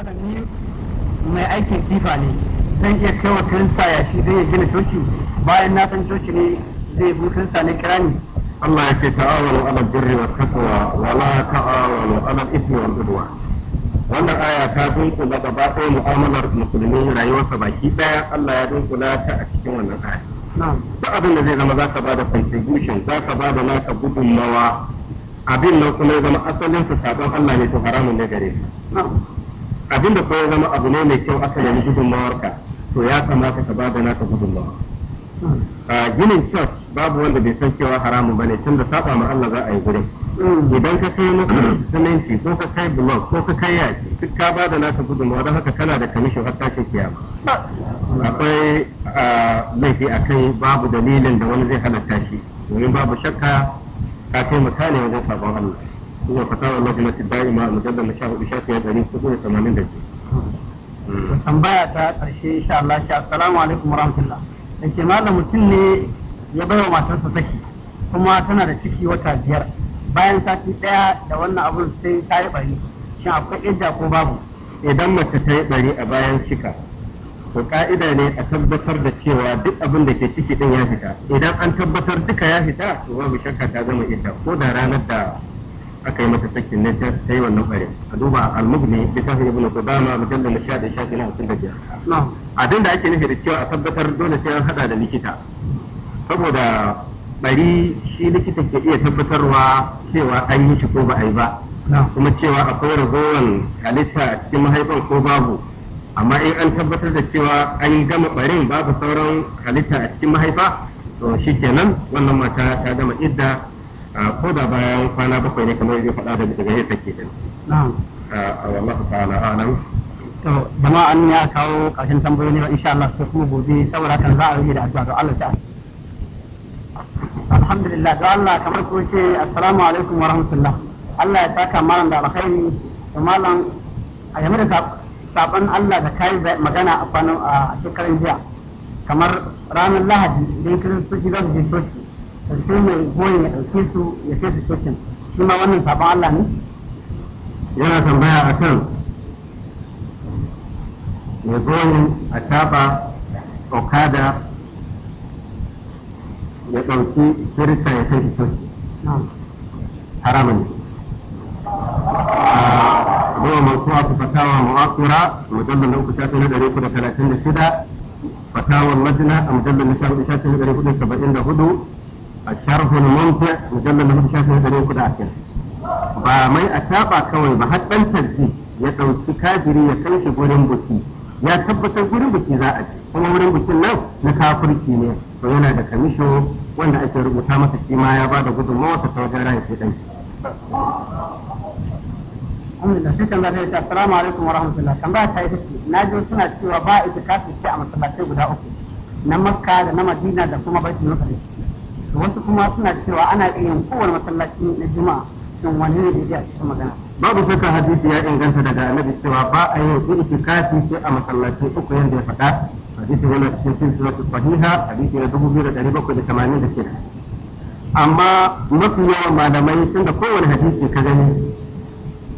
malami mai aikin sifa ne zan iya kai wa kirista ya shi zai gina coci bayan na san coci ne zai bu kirista ne kira ni Allah ya ce ta'awar ala birri wa taqwa wa la ta'awalu ala ismi wal wannan aya ta dunkula gaba ɗaya mu'amalar musulmi rayuwarsa baki ɗaya Allah ya dunkula ta a cikin wannan aya duk abin da zai zama za ka da contribution za ka da naka gudunmawa abin nan kuma ya zama asalinsa su sabon Allah ne to haramun ne gare abin da kuma zama abu ne mai kyau aka nemi gudunmawarka to ya kamata ka bada naka gudunmawa a ginin church babu wanda bai san cewa haramun bane tun da saba ma Allah za a yi gurin idan ka kai maka siminti ko ka kai blog ko ka kai yaki duk ka bada naka gudunmawa don haka kana da kamishin har tashin kiyama akwai laifi a kai babu dalilin da wani zai halatta shi domin babu shakka ka taimaka wajen sabon Allah هو فتاوى ya الدائمة المجلد kuma شافية da ke. 82 hmm. tambaya ta ƙarshe sha Allah shi assalamu alaikum warahmatullah yake malam mutum ne ya baiwa matarsa saki kuma tana da ciki wata biyar bayan sati ɗaya da wannan abun sai ta yi bari shin akwai idda ko babu idan mace ta yi bari a bayan cika to ka'ida ne a tabbatar da cewa duk abin da ke ciki din ya fita idan an tabbatar duka ya fita to babu shakka ta zama ita ko da ranar da aka yi mata sakin ne ta yi wannan bare a duba al-mughni bi sahih ibn qudama mujallal shadi shadi na na'am abin da ake nufi da cewa a tabbatar dole sai an hada da likita saboda bari shi likita ke iya tabbatarwa cewa an yi shi ko ba a yi ba kuma cewa akwai ragowar halitta a cikin mahaifan ko babu amma in an tabbatar da cewa an gama barin babu sauran halitta a cikin mahaifa to shi kenan wannan mata ta gama idda Ah, ko da bayan kwana bakwai ne kamar yadda faɗa da daga ke a ah, wallahu alam to ya kawo ƙarshen tambayoyi ba insha Allah sai kuma gobe da addu'a ga Allah ta'ala alhamdulillah da Allah wa rahmatullah ya saka malam da alkhairi Allah da kai magana kamar ranar lahadi da kiristoci za su je coci yana tambaya a kan ya goyi a taba okada ya ɗauki sirka ya kai su cikin haramun a Zuwa masu wasu fatawa mu'afira a majalar uku shafi na ɗari kuɗa talatin da shida fatawar majina a majalar na shafi shafi na ɗari kuɗa saba'in da hudu a الشرف الممتع مجلد shafin شافه دليل كده أكل ba mai a taba kawai ba har dan ya ɗauki kafiri ya kai shi gurin buki ya tabbatar gurin buki za a ci kuma wurin bukin nan na kafirci ne to yana da kamisho wanda ake rubuta masa shi ma ya da gudunmawa ta wajen rayu ke dan alhamdulillah sai kan zai assalamu alaikum wa rahmatullah tambaya ta yi ce na ji suna cewa ba a itikafi ce a masallatai guda uku na makka da na madina da kuma baitul maqdis wasu kuma suna cewa ana iya kowane masallaci na juma'a shin wani ne da a cikin magana babu shakka hadisi ya inganta daga annabi cewa ba a yi yin itikafi sai a masallaci uku yanda ya faɗa hadisi yana cikin ta fahiha hadisi na dubu biyu da ɗari bakwai da tamanin da ke. amma mafi yawan malamai tun da kowane hadisi ka gani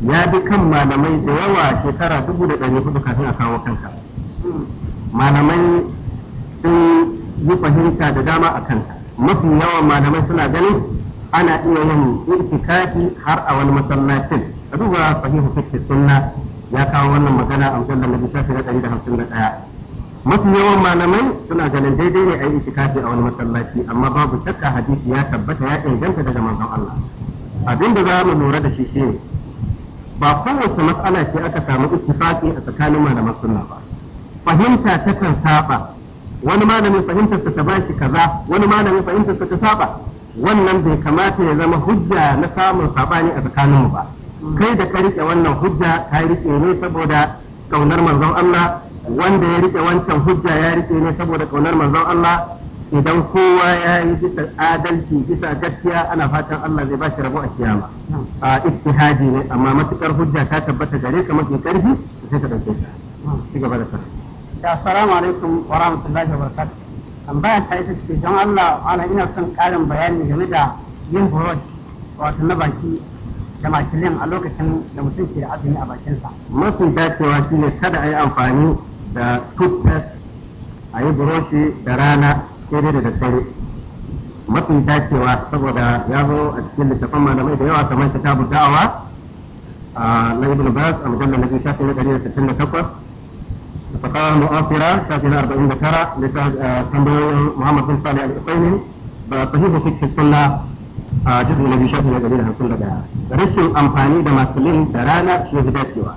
ya bi kan malamai da yawa shekara dubu da ɗari hudu kafin a kawo kanka hmm. malamai sun yi fahimta da dama a kanka mafi yawan malamai suna ganin ana iya yin itikafi har a wani masallacin a duba sahihu fiqh sunna ya kawo wannan magana a mujallar na hamsin da ɗaya. mafi yawan malamai suna ganin daidai ne a yi itikafi a wani masallaci amma babu shakka hadisi ya tabbata ya inganta daga manzon Allah abin da za mu lura da shi shine ba kowace matsala ce aka samu ittifaqi a tsakanin malaman sunna ba fahimta ta kan saba wani malamin fahimtarsa ta bashi kaza wani malamin fahimtarsa ta saba wannan bai kamata ya zama hujja na samun sabani a tsakaninmu ba kai da ka rike wannan hujja ka rike ne saboda kaunar manzon Allah wanda ya rike wancan hujja ya rike ne saboda kaunar manzon Allah idan kowa ya yi bisa adalci bisa gaskiya ana fatan Allah zai bashi rabo a kiyama a ittihadi ne amma matukar hujja ta tabbata gare ka mafi karfi sai ka dauke ta ci gaba da karfi Assalamu alaikum wa rahmatullahi wa barakatuh. Tambaya ta ita ce don Allah ana ina son karin bayani game da yin burod wato na baki da makilin a lokacin da mutum ke azumi a bakinsa. Mafi dacewa shi ne kada a yi amfani da toothpaste a yi buroshi da rana sai da daddare. Mafi dacewa saboda ya zo a cikin littafin malamai da yawa kamar kitabu da'awa na Ibn Bas a mujallar na biyu na ɗari da الثقافة المعاصرة ساكنة 40 ذكرى لتنبوي محمد بن صالح الإقيمي صحيح فقه السنة جزء الذي شاف من دليل هنكون لدى رسل أمفاني دا مسلين درانا شيء بداتيوا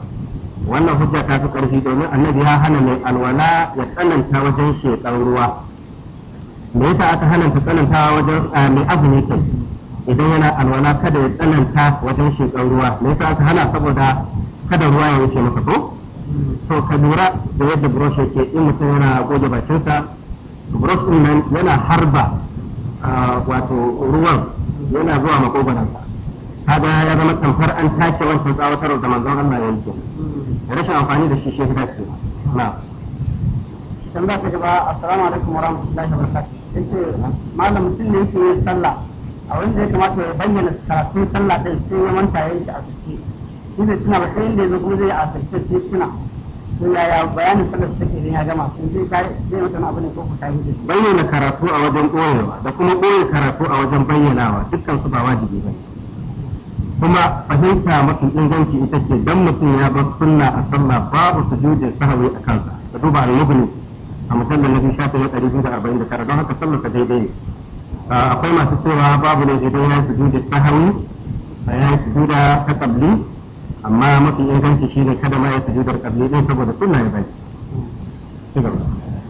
wannan hujja ta fi ƙarfi domin annabi ya hana mai alwala ya tsananta wajen shekan ruwa me yasa aka hana ta tsananta wajen mai azumi kai idan yana alwala kada ya tsananta wajen shekan ruwa me yasa aka hana saboda kada ruwa ya wuce masa ko to ka lura da yadda brush yake in mutum yana goge bakinsa brush din nan yana harba wato ruwan yana zuwa makogoransa kaga ya zama tamfar an take wancan tsawatar da manzon Allah ya yi rashin amfani da shi shi ya ce na tambaya ta gaba assalamu alaikum wa rahmatullahi wa barakatuh yace malam mutum ne yake yin sallah a wanda ya kamata ya bayyana karatun sallah din sai ya manta yayin shi a cikin shi ne tuna ba sai inda yanzu kuma zai a cikin tuna yaya bayanin sallar take ya gama kun zai zai mata abu ne ko ku tafi da bayyana karatu a wajen koyewa da kuma koyi karatu a wajen bayyanawa dukkan su ba wajibi ba. kuma fahimta mafi inganci ita ce don mutum ya bar sunna a sallah babu su sujudin sahwi a kansa da duba al-mughni a musallan nabi shafi na tara don haka sallar ka daidai ne ah, akwai masu cewa babu ne idan ya yi sujudin sahwi ya sujuda ta tabli amma mafi inganci shi ne kada ma ya sujudar kabli din saboda sunna ya bari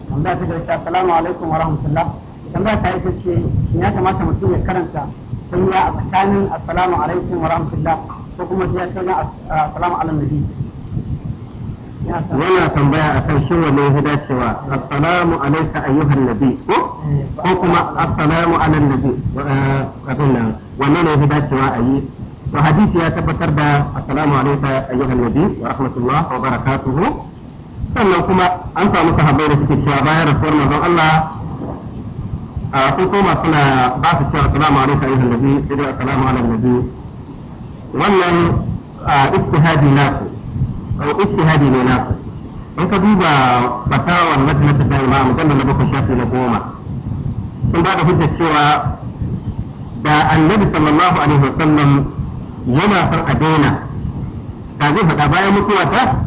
tambaya ta gaske assalamu alaikum wa rahmatullah tambaya ta ita ce shin ya kamata mutum ya karanta sanya a tsakanin assalamu alaikum wa rahmatullah ko kuma sai ya sanya assalamu ala nabi yana tambaya a kan shin wanne ya dacewa assalamu alaika ayyuhan nabi ko kuma assalamu ala nabi eh, abin nan wannan ne ya dacewa a yi to hadisi ya tabbatar da assalamu alayka ayyuhan nabi wa rahmatullah wa barakatuhu sannan kuma an samu sahabbai da suke cewa bayan rasuwar manzon Allah sun ah, koma suna ba su cewa assalamu alayka ayyuhan nabi sai dai assalamu alayka nabi wannan ah, ijtihadi na ku ko ijtihadi ne na ku in ka duba fatawan majalisa ta imam mujallal na bakwai shafi na goma sun ba da hujjar cewa da annabi sallallahu alaihi wa sallam yana son a daina ta zai faɗa bayan mutuwa ta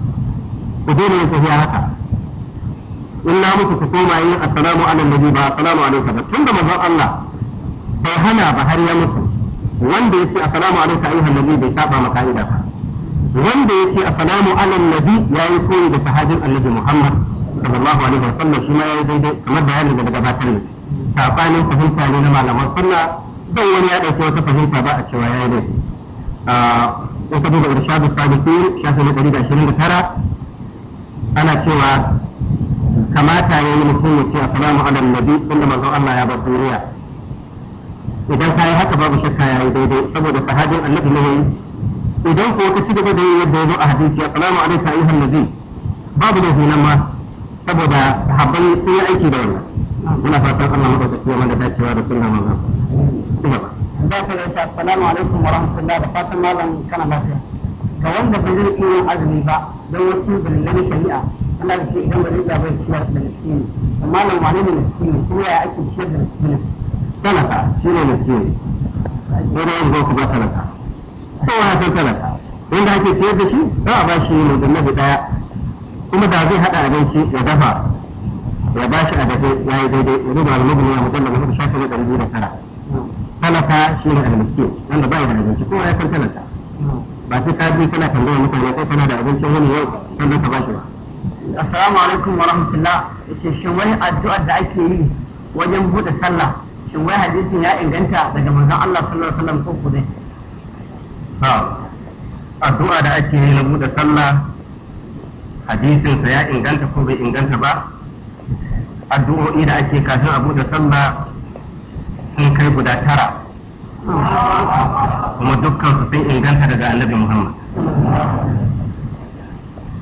ku daina yin tafiya haka in na mutu ku koma yin assalamu ala nabi ba assalamu alaikum ba tunda manzon Allah bai hana ba har ya mutu wanda yace assalamu alaikum ayyuhan nabi bai saba ma ka'ida ba wanda yace assalamu ala nabi yayi koyi da sahabin annabi Muhammad sallallahu alaihi wa sallam shi ma yayi daidai kamar bayanin da gabatar ne sabanin fahimta ne na malaman sunna dan wani ya dauki wata fahimta ba a cewa yayi daidai Eh, in ka duba irshadu sabiqin shafi na ɗari da shirin da tara ana cewa kamata ya yi mutum ya ce assalamu ala nabi inda manzon Allah ya bar duniya idan ka yi haka babu shakka ya yi daidai saboda sahabin annabi ne idan ko ka ci gaba da yi yadda ya zo a hadisi assalamu alayka ayyuhan nabi babu da nan ma saboda sahabbai sun yi aiki da wannan muna fatan Allah ta ya mana dacewa da sunna manzon Allah zaka yi ta assalamu alaikum wa rahmatullahi da fatan malam kana lafiya ga wanda ba zai iya azumi ba don wasu dalilan shari'a ana da shi idan ba zai iya bai ciyar da miskini amma nan wane ne miskini kuma ya ake ciyar da miskini talaka shi ne miskini dole yin zo ku ba talaka kowa ya san talaka wanda ake ciyar da shi za a ba shi ne da nabi daya kuma da zai hada abinci ya dafa ya ba shi a dafe ya yi daidai wani da wani mabini ya mutum da tara talaka shi ne wanda ba da abinci ya ba sai ka bi kana mutane kana da abinci wani yau ka ba shi ba assalamu alaikum wa rahmatullah yace shin da ake yi wajen bude sallah shin wai hadisin ya inganta daga manzon Allah sallallahu alaihi wasallam ko kudai ha addu'a da ake yi na bude sallah hadisin sa ya inganta ko bai inganta ba addu'o'i da ake kafin a bude sallah sun kai guda tara kuma dukkan su sun inganta daga annabi Muhammad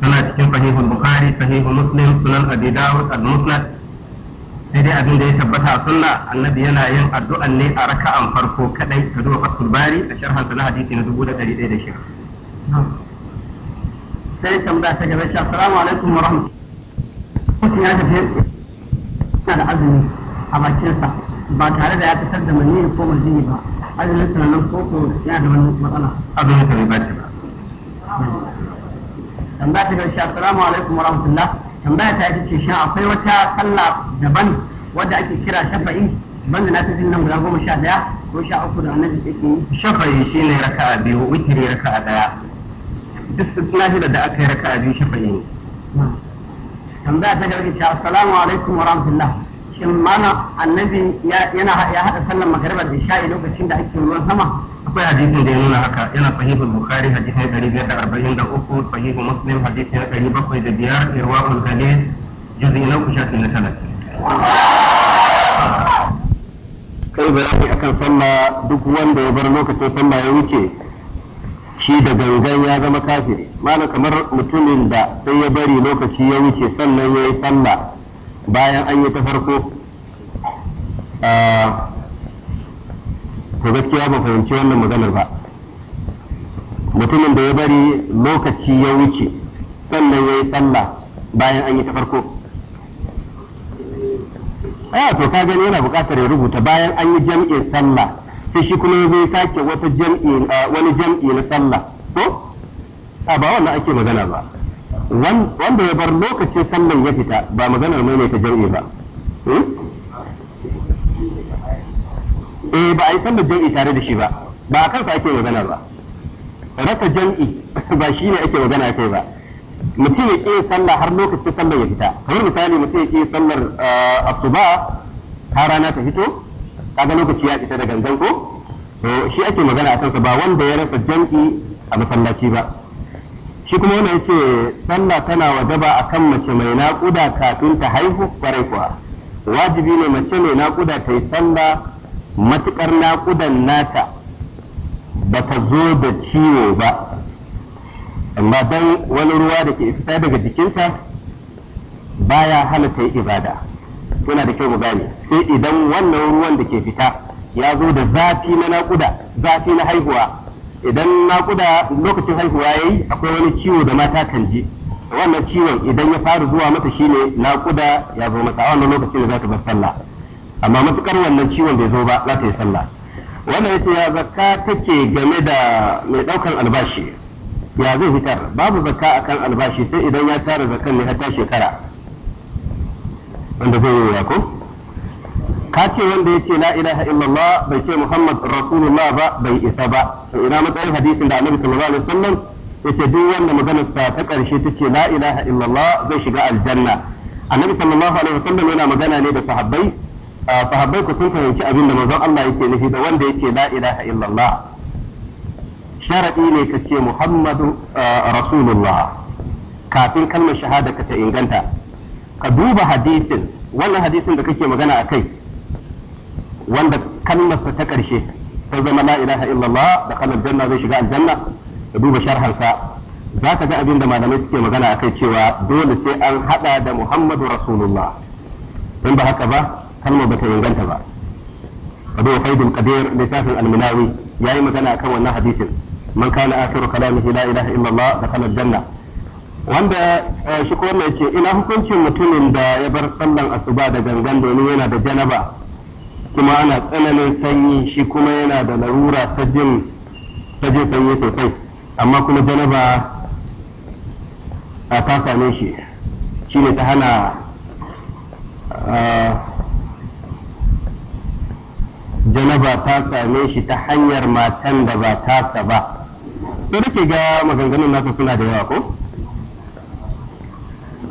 suna cikin sahihul bukhari sahihul muslim sunan abi dawud al musnad sai dai abin da ya tabbata a sunna annabi yana yin addu'an ne a raka'an farko kadai ta zuwa fasul bari a sharhan sunan hadisi na 1106 sai tambaya ta gaba shi assalamu alaikum wa rahmatullahi ya tafi da azumi a bakinsa ba tare da ya fitar da maniyyi ko mazini ba azumin sa nan ko ko ya da wani matsala azumin sa bai bace ba tambaya ta gaishe assalamu alaikum wa rahmatullah tambaya ta ita ce shin akwai wata sallah daban wadda ake kira shafa'i banda na tafi nan guda goma sha daya ko sha uku da annabi take yi shafa'i shine raka'a biyu witiri raka'a daya duk nahilar da aka yi raka'a biyu shafa'i ne tambaya ta gaishe assalamu alaikum wa rahmatullah shin mana annabi yana ya hada sallar magariba da isha'i lokacin da ake ruwan sama akwai hadisin da ya nuna haka yana fahimtar bukhari hadisi na ɗari biyar da arba'in da uku fahimtar muslim hadisi na ɗari bakwai da biyar irwaul galil juzi na uku shafi na talatin. kai bayani akan sallah duk wanda ya bar lokacin sallah ya wuce shi da gangan ya zama kafiri mana kamar mutumin da sai ya bari lokaci ya wuce sannan ya yi sallah bayan an yi ta farko to gaskiya ba fahimci wannan maganar ba mutumin da ya bari lokaci ya wuce sannan ya yi sallah bayan an yi ta farko a to ka gani yana bukatar ya rubuta bayan an yi jam'in sallah sai shi kuma zai sake wani jam'i na sallah ko a ba wannan ake magana ba wanda ya bar lokacin sallan ya fita ba maganar ta jam'i ba hmm? eh ba a yi sallar jam'i tare da shi ba ba a kansa ake magana ba rasa jam'i ba shi ne ake magana kai ba mutum ya ke sallah har lokacin sallar ya fita kamar misali mutum ya ƙi sallar eh, asuba ta rana ta fito kaga lokaci ya fita da gangan ko shi ake magana a kansa ba wanda ya rasa jam'i a masallaci ba shi kuma wannan yace sallah tana wajaba kan mace mai naƙuda kafin ta haihu kwarai kuwa wajibi ne mace mai naƙuda ta yi sallah matuƙar naƙudan nata ba ta zo da ciwo ba amma dan wani ruwa da ke fita daga jikinta baya hana ta yi ibada yana da kyau mu gane sai idan wannan ruwan da ke fita ya zo da zafi na naƙuda zafi na haihuwa idan naƙuda lokacin haihuwa yayi akwai wani ciwo da mata kan ji wannan ciwon idan ya fara zuwa mata shine naƙuda ya zo mata a wannan lokacin da za ta bar sallah amma matukar wannan ciwon bai zo ba za ta yi sallah wannan yace ya zakka take game da mai daukan albashi ya zai fitar babu zakka akan albashi sai idan ya tara zakkan ne har ta shekara wanda zai yi ko ka wanda ya ce la ilaha illallah bai ce muhammad rasulullah ba bai isa ba to ina matsayin hadisin da annabi sallallahu alaihi wasallam yace duk wanda maganar ta ta karshe tace la ilaha illallah zai shiga aljanna annabi sallallahu alaihi wasallam yana magana ne da sahabbai sahabbai ku sun fahimci abin da manzon Allah yake nufi da wanda yake la ilaha illallah sharadi ne ka ce muhammadu rasulullah kafin kalmar shahada ka ta inganta ka duba hadisin wannan hadisin da kake magana a kai wanda kalmarsa ta ƙarshe ta zama la ilaha illallah da kalar janna zai shiga aljanna da duba sharharsa za ka ga abin da malamai suke magana akai cewa dole sai an hada da muhammadu rasulullah in ba haka ba kalmar ba ta inganta ba abu wa faidul qadir littafin ya yi magana akan wannan hadisin man kana akhiru kalamihi la ilaha illallah da kalar janna wanda eh, shi ko wannan ce ina hukuncin mutumin da ya bar sallan asuba da gangan domin yana da janaba kuma ana tsananin sanyi shi kuma yana da larura ta jin sanyi sosai amma kuma janaba a ta same shi shi ne ta hana janaba ta same shi ta hanyar matan da ba ta ba sai da ke ga maganganun nasa suna da yawa ko?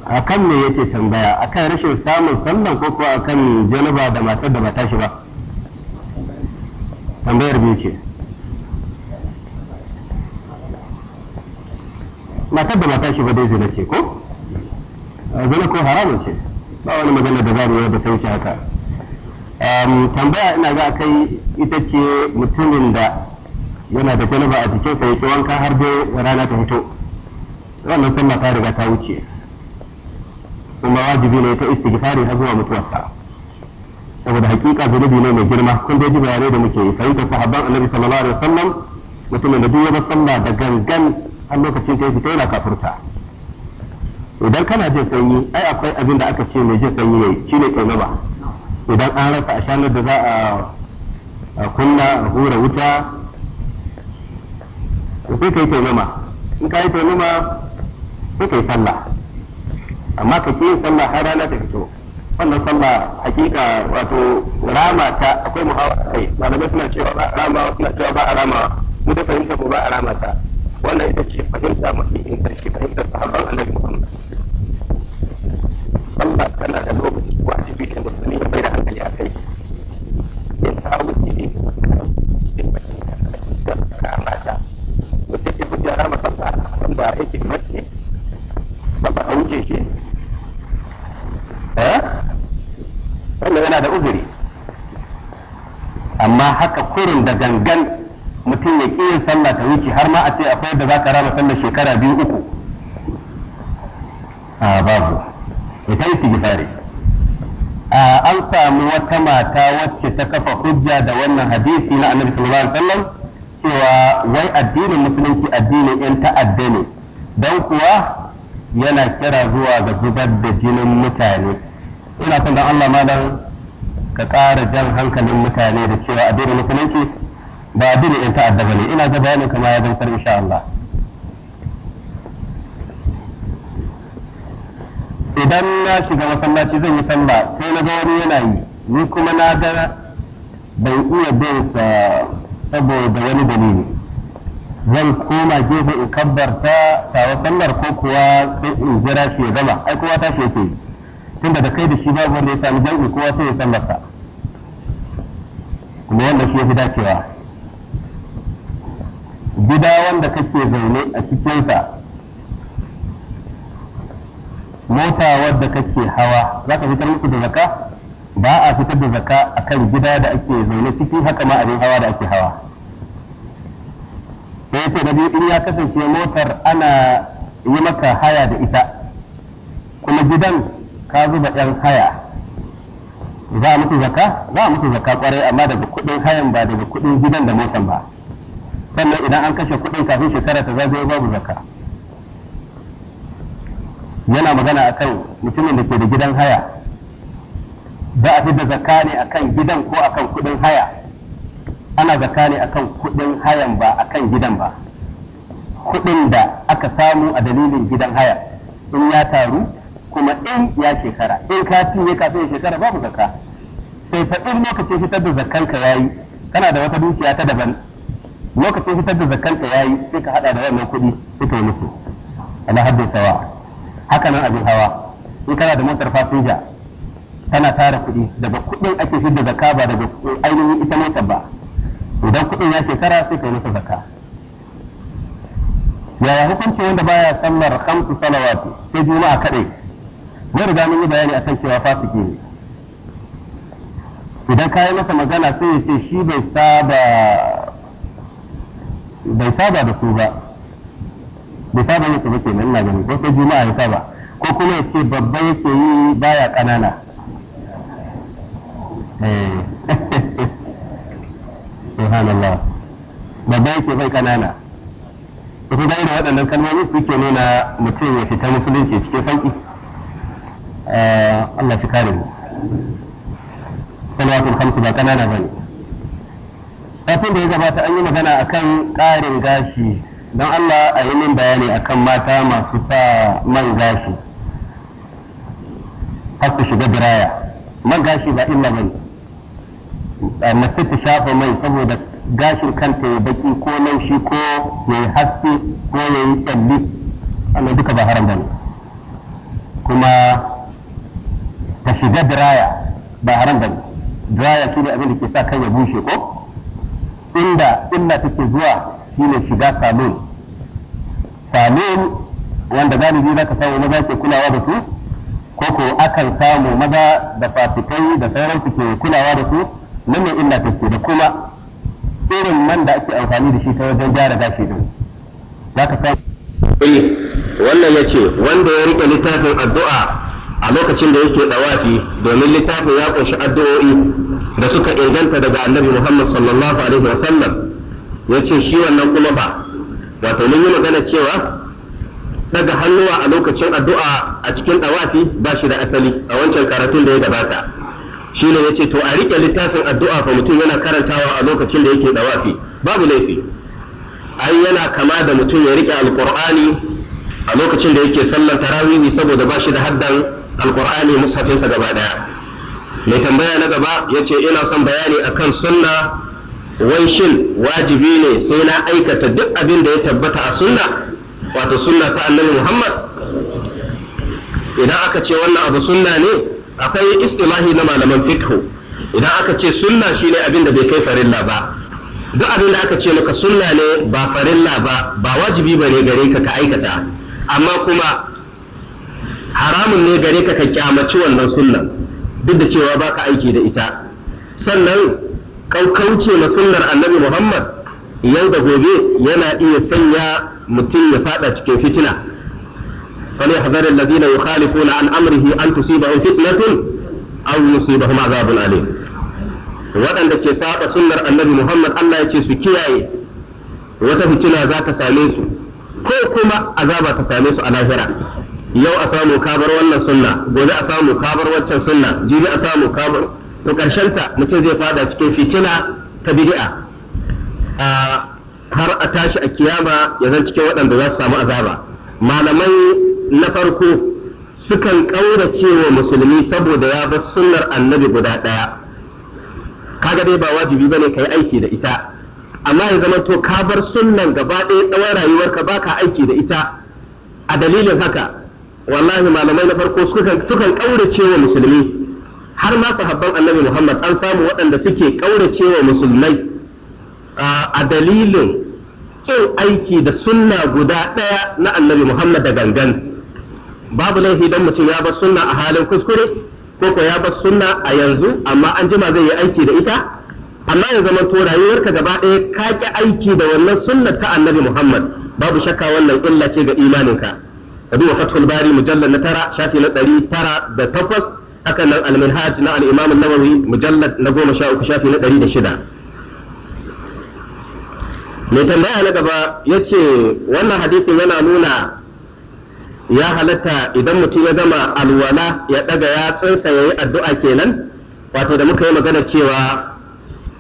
A kan me yake tambaya a kan rashin samun sallan ko ko kan janaba da matar da ba shi ba tambayar biyu ce matar da ba shi ba dai zina ce ko zina ko haramun ce ba wani magana da za mu yi ba sai wuce haka tambaya ina za kai ita ce mutumin da yana da janaba a jikinsa ya ki wanka har dai rana ta fito wannan sallah ta riga ta wuce kuma wajibi ne ta istighfari har zuwa mutuwarsa saboda hakika zunubi ne mai girma kun dai ji bayanai da muke fahimta sahabban annabi sallallahu alaihi wasallam mutumin da duk ya sallah da gangan har lokacin kai fita yana kafurta idan kana jin sanyi ai akwai abin da aka ce mai jin sanyi ne shine kainaba idan an rasa a shanar da za a kunna a hura wuta sai kai kainama in ka yi kainama sai kai sallah amma ka yin sallah har rana ta fito wannan sallah hakika wato rama ta akwai muhawara kai malamai suna cewa ba rama suna cewa ba rama mu da fahimta mu ba rama ta wannan ita ce fahimta mafi inganci fahimta sahabban annabi Muhammad sallah tana da lokaci wajibi da musulmi ya bai da hankali a kai ya samu wuce ne ta ka mata mutum ya fi jara masalla wanda yake mace ba ba a wuce shi eh wanda yana da uzuri amma haka kurin da gangan mutum ya ƙi yin sallah ta wuce har ma a ce akwai da za ka rama sallah shekara biyu uku a babu ya ta a an samu wata mata wacce ta kafa hujja da wannan hadisi na annabi sallallahu alaihi wasallam cewa wai addinin musulunci addinin yan ta'adda ne don kuwa yana kira zuwa ga zubar da jinin mutane ina son dan Allah malam ka ƙara jan hankalin mutane da cewa addinin musulunci ba addinin yan ta'adda bane ina ga bayanin kama ya gamsar insha Allah idan na shiga masallaci zan yi sallah sai na ga wani yana yi ni kuma na ga bai iya bin sa saboda wani dalili zan koma gefe in kabbarta ta sallar ko kuwa sai in jira shi ya gama ai kowa ta shi yake yi tunda da kai da shi babu wanda ya sami jami'i kowa sai ya sallarsa kuma wanda shi ya fi dacewa gida wanda kake zaune a cikinsa mota wadda kake hawa za ka fitar muku da zaka ba a fitar da zaka a kan gida da ake zaune ciki haka ma abin hawa da ake hawa sai ce na biyu in ya kasance motar ana yi maka haya da ita kuma gidan ka zuba ɗan haya za a mutu zaka za a mutu zaka kwarai amma daga kuɗin hayan ba daga kuɗin gidan da motan ba sannan idan an kashe kuɗin kafin shekara ta zagaye babu zaka yana magana a kan mutumin da ke da gidan haya za a da zaka ne a kan gidan ko a kan kuɗin haya ana zaka ne a kan kuɗin hayan ba a kan gidan ba kuɗin da aka samu a dalilin gidan haya in ya taru kuma in ya shekara in ka ne kafin ya shekara babu zakka sai fa in lokacin fitar da ka yayi kana da wata dukiya ta daban lokacin fitar da ka yayi sai ka hada da wannan kuɗi sai ka yi musu ala hadda sawa haka nan abin hawa in kana da motar fasinja tana tara kuɗi daga kuɗin ake fitar da zakka ba daga ainihin ita motar ba idan kuɗin ya shekara sai ka yi masa zakka yaya hukunci wanda baya sallar khamsu salawati sai juma'a kadai ya riga mun yi bayani akan cewa fasiki ne idan ka masa magana sai ya ce shi bai saba bai saba da su ba bai saba ne su ba kenan na gani ko sai juma'a ya saba ko kuma ya ce babba yake yi baya kanana eh. subhanallah babba yake bai kanana ita da irin waɗannan kalmomi suke nuna mutum ya fita musulunci cikin sauki Allah kare mu salawatul khamsu ba kanana bane kafin da ya gabata an yi magana akan ƙarin gashi don Allah a yi min bayani akan mata masu sa man gashi har su shiga biraya man gashi ba illa bane mace ta shafa mai saboda gashin kanta ya baki ko laushi ko ya yi haske ko ya yi tsalli wannan duka ba haram bane kuma ta shiga diraya ba haram ba diraya shine abin da ke sa kai ya bushe ko inda illa take zuwa shine shiga salon salon wanda galibi zaka samu maza ke kulawa da su ko ko akan samu maza da fatikai da su ke kulawa da su nan ne illa take da kuma irin man da ake amfani da shi ta wajen gyara gashi din zaka samu wannan yace wanda ya rike littafin addu'a a lokacin da yake dawafi domin littafin ya kunshi addu'o'i da suka inganta daga annabi Muhammad sallallahu alaihi wasallam ya shi wannan kuma ba wato mun yi magana cewa daga hannuwa a lokacin addu'a a cikin dawafi ba shi da asali a wancan karatun da ya gabata shi ne ya to a rike littafin addu'a fa mutum yana karantawa a lokacin da yake dawafi babu laifi ai yana kama da mutum ya rike alqur'ani a lokacin da yake sallar tarawihi saboda ba shi da haddan Alƙur'ani musafinsa gaba ɗaya. mai tambaya na gaba ya ce ina son bayani akan sunna wai shin wajibi ne sai na aikata duk abin da ya tabbata a sunna wato sunna ta annabi Muhammad idan aka ce wannan abu sunna ne akwai istilahi na malaman fito idan aka ce sunna shine abin da bai kai farilla ba duk abin da aka ce maka sunna ne ba farilla ba ba wajibi ba ne gare ka ka aikata amma kuma haramun ne gare ka kyamaci wannan sunnan duk da cewa baka aiki da ita sannan kaukauce ma sunnar annabi muhammad yau da gobe yana iya sanya mutum ya fada cikin fitina فليحذر الذين يخالفون عن امره ان تصيبهم فتنه او يصيبهم عذاب اليم waɗanda ke saba sunnar annabi Muhammad Allah ya ce su kiyaye wata fitina za ta same su ko kuma azaba ta same su a lahira yau a samu kabar wannan sunna gobe a samu kabar wancan sunna jibi a samu kabar to karshen ta mutum zai fada cikin fitina ta bid'a har a tashi a kiyama ya zan cikin waɗanda za su samu azaba malamai na farko sukan kaura cewa musulmi saboda ya bar sunnar annabi guda ɗaya kaga dai ba wajibi bane ka yi aiki da ita amma ya zama to ka sunnan gaba ɗaya tsawon rayuwarka baka aiki da ita a dalilin haka wallahi malamai na farko sukan sukan kaurace wa musulmi har ma sahabban annabi Muhammad an samu waɗanda suke kaurace wa musulmai a dalilin kin aiki da sunna guda ɗaya na annabi Muhammad da gangan babu laifi don mutum ya bar sunna a halin kuskure ko ko ya bar sunna a yanzu amma an jima zai yi aiki da ita amma ya zama to rayuwarka gaba ɗaya ka ki aiki da wannan sunnar ta annabi Muhammad babu shakka wannan illa ce ga imaninka ka duba fathul bari mujallal na tara shafi na ɗari tara da takwas haka nan al na al-imam an-nawawi mujallal na goma sha uku shafi na ɗari da shida mai tambaya na gaba ya ce wannan hadisin yana nuna ya halatta idan mutum ya gama alwala ya ɗaga yatsunsa ya yi addu'a kenan wato da muka yi magana cewa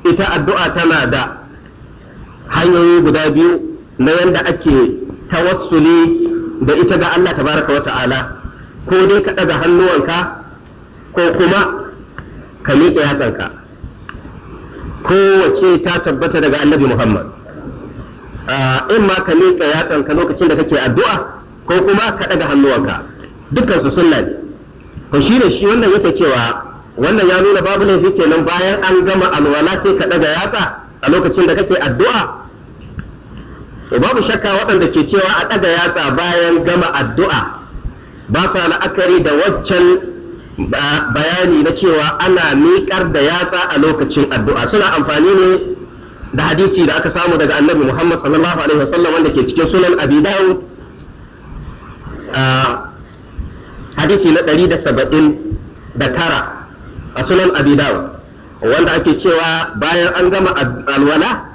ita addu'a tana da hanyoyi guda biyu na yadda ake ta tawassuli da ita ga Allah tabaraka wa ta'ala ko dai ka ɗaga hannuwanka ko kuma ka miƙe yatsanka kowace ta tabbata daga annabi Muhammad ah, in ma ka miƙe yatsanka lokacin da kake addu'a ko kuma ka ɗaga hannuwanka dukkan su sunna ne to shi ne shi wannan yake cewa wannan ya nuna babu laifi kenan bayan an gama alwala sai ka ɗaga yatsa a lokacin da kake addu'a babu shakka waɗanda ke cewa a ɗaga yatsa bayan gama addu'a ba sa la'akari da waccan bayani na cewa ana miƙar da yatsa a lokacin addu'a suna amfani ne da hadisi da aka samu daga annabi Muhammad sallallahu alaihi wasallam wanda ke cikin sunan Abi Dawud hadisi na ɗari da saba'in da tara a sunan Abi Dawud wanda ake cewa bayan an gama alwala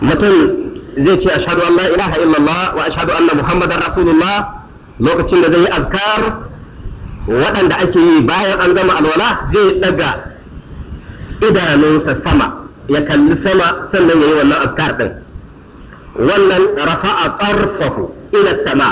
mutum zai ce ashhadu an la ilaha illallah wa ashhadu anna muhammadar rasulullah lokacin da zai yi azkar waɗanda ake yi bayan an gama alwala zai daga idanunsa sama ya kalli sama sannan ya yi wannan azkar ɗin. wannan rafa'a tarfahu ila sama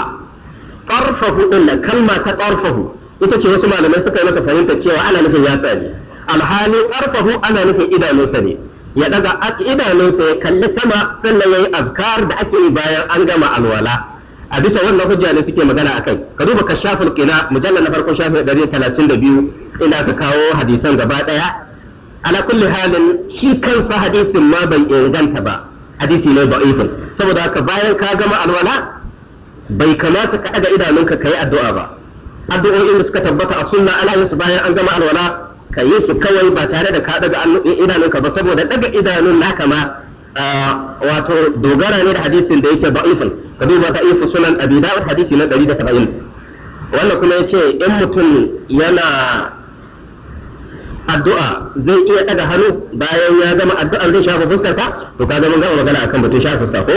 ɗin din kalma ta tarfahu ita ce wasu malamai suka yi masa fahimta cewa ana nufin ya tsani. alhali tarfahu ana nufin idanunsa ne ya daga idanunsa ya kalli sama sannan ya yi azkar da ake yi bayan an gama alwala a bisa wannan hujja ne suke magana a kai ka duba shafin kina mujallar na farko shafin ɗari talatin da biyu ina ka kawo hadisan gaba ɗaya ala kulli halin shi kansa hadisin ma bai inganta ba hadisi ne da'ifin saboda haka bayan ka gama alwala bai kamata ka ɗaga idanunka ka yi addu'a ba addu'o'in da suka tabbata a sunna ana yin su bayan an gama alwala ka yi su kawai ba tare da ka daga ka ba saboda daga idanun naka ma wato dogara ne da hadisin da yake da'ifin ka duba da'ifu sunan abi da hadisi na ɗari da saba'in. wannan kuma yace in mutum yana addu'a zai iya ɗaga hannu bayan ya gama addu'a zai shafa ka to ka zama gama magana akan batun shafa fuska ko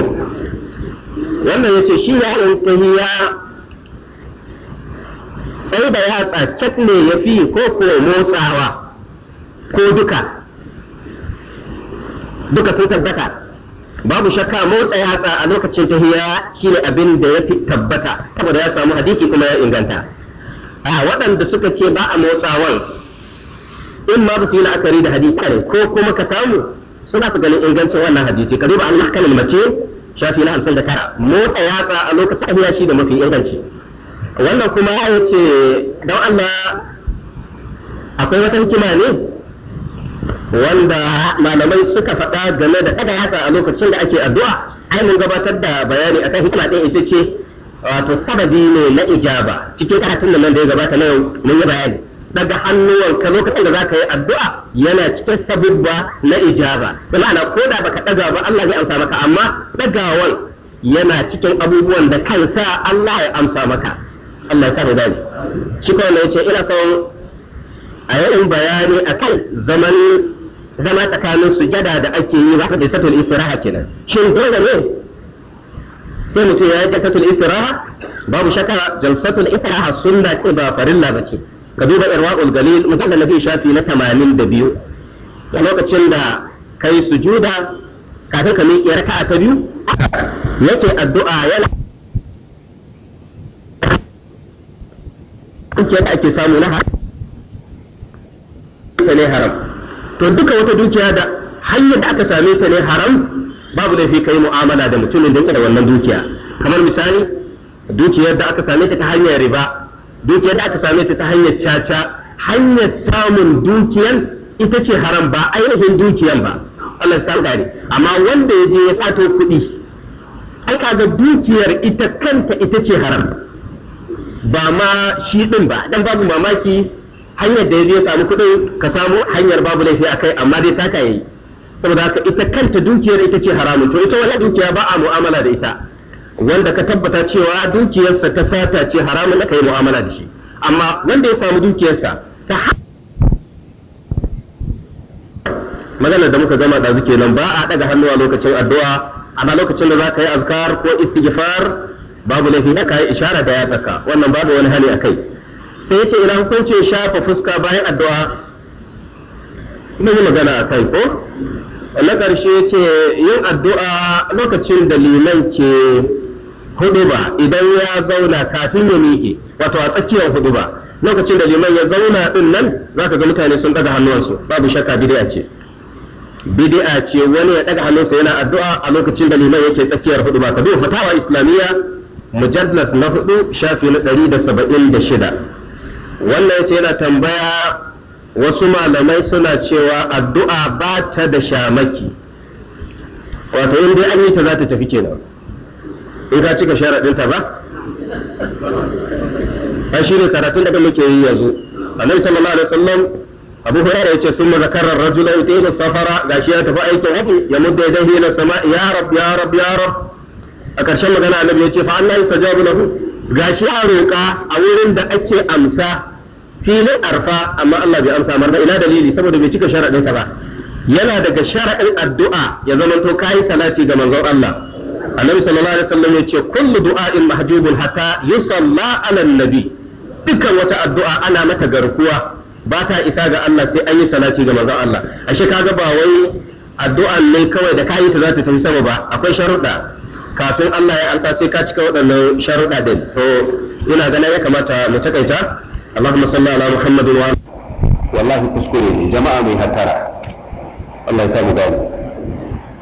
wannan yace shi ya ya sai da yatsa cak ne ya fi ko ko motsawa ko duka duka sun tabbata babu shakka motsa yatsa a lokacin ta shi ne abin da ya fi tabbata saboda ya samu hadisi kuma ya inganta a waɗanda suka ce ba a motsawan in ma ba su yi la'akari da hadisi ne ko kuma ka samu suna su ganin ingancin wannan hadisi ka duba al-mahkamul mace shafi na hamsin da tara motsa yatsa a lokacin tahiya shi da mafi inganci wannan kuma ya ce don Allah akwai wata hikima ne wanda malamai suka faɗa game da kada haka a lokacin da ake addu'a ai mun gabatar da bayani akan hikima ɗin ita ce wato sababi ne na ijaba cikin karatun nan da ya gabata na yau mun yi bayani daga ka lokacin da za ka yi addu'a yana cikin sabubba na ijaba bi ma'ana ko da baka ɗaga ba Allah zai amsa maka amma ɗagawan yana cikin abubuwan da kansa Allah ya amsa maka Allah ya sa shi kawai ne yace ina son a yi bayani akan zaman zama tsakanin sujada da ake yi ba da istiraha kenan shin dole ne sai mutum ya yi satul istiraha babu shakka jalsatul istiraha sunna ce ba farilla ba ka duba irwaul galil mujallal nabi shafi na 82 a lokacin da kai sujuda kafin ka miƙe raka'a ta biyu yake addu'a yana dukiya da ake samu na haram to duka wata dukiya da hanyar da aka same ta ne haram babu fi kai mu'amala da mutumin da da wannan dukiya kamar misali dukiyar da aka same ta ta hanyar riba dukiyar da aka same ta ta hanyar caca hanyar samun dukiyar ita ce haram ba ainihin dukiyar ba Allah ya gane amma wanda ya je ya sato kuɗi ai ga dukiyar ita kanta ita ce haram ba ma shi din ba dan babu mamaki hanyar da ya je samu kuɗi ka samu hanyar babu laifi a kai amma dai taka yayi saboda haka ita kanta dukiyar ita ce haramun to ita wannan dukiya ba a mu'amala da ita wanda ka tabbata cewa dukiyarsa ta sata ce haramun da kai mu'amala da shi amma wanda ya samu dukiyarsa ta maganar da muka gama da zuke nan ba a daga hannuwa lokacin addu'a amma lokacin da za ka yi azkar ko istighfar babu laifi na kayi ishara da ya saka wannan babu wani hali a kai sai yace ina hukunci shafa fuska bayan addu'a mun yi magana a kai ko na karshe ce yin addu'a lokacin da liman ke huduba idan ya zauna kafin ya miƙe wato a tsakiyar huduba lokacin da liman ya zauna din nan za ka ga mutane sun ɗaga hannuwansu babu shakka bid'a ce bid'a ce wani ya ɗaga hannunsa yana addu'a a lokacin da liman yake tsakiyar ba ka duba fatawa islamiyya mujallad na hudu shafi na dari da saba'in da shida wannan yace yana tambaya wasu malamai suna cewa addu'a ba ta da shamaki wato in dai an yi ta za ta tafi kenan in ka cika sharaɗinta ba an shi ne karatun da muke yi yanzu annabi sallallahu alaihi wasallam abu hurairah yace summa zakara ta yi da safara Ga shi ya tafi aikin haji ya mudda yadayhi ila sama ya rabu ya rabu ya rabu a ƙarshen magana annabi ya ce fa Allah yustajabu lahu gashi a roƙa a wurin da ake amsa filin arfa amma Allah bai amsa mar ina dalili saboda bai cika sharaɗin sa ba yana daga sharaɗin addu'a ya zama to kai salati ga manzon Allah annabi sallallahu alaihi wasallam ya ce kullu du'a'in mahjubun hatta yusalla ala nabi dukkan wata addu'a ana mata garkuwa ba ta isa ga Allah sai an yi salati ga manzon Allah ashe kaga ba wai addu'a ne kawai da kayi ta za ta tafi sama ba akwai sharuɗa kafin Allah ya ansa sai ka cika waɗannan sharuɗa din to ina ganin ya kamata mu takaita Allahumma salli ala Muhammadin wa wallahi kuskure ne jama'a mai hattara Allah ya samu gani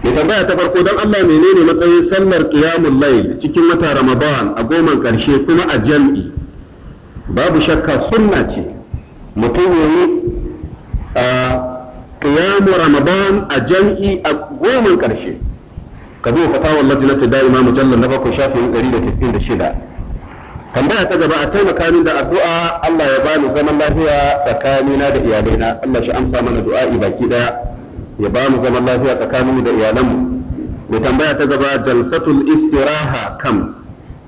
mai tambaya ta farko don Allah menene matsayin sallar qiyamul layl cikin wata Ramadan a goman karshe kuma a jam'i babu shakka sunna ce mutum yayi a ah, qiyamul Ramadan a jam'i a goman karshe ka zo fatawar majalisar da'ima mujallar na bakwai shafin 196 tambaya ta gaba a taimaka min da addu'a Allah ya bani zaman lafiya tsakanina da iyalaina Allah shi amsa mana du'a'i baki daya ya bani zaman lafiya tsakaninmu da iyalanmu mai tambaya ta gaba jalsatul istiraha kam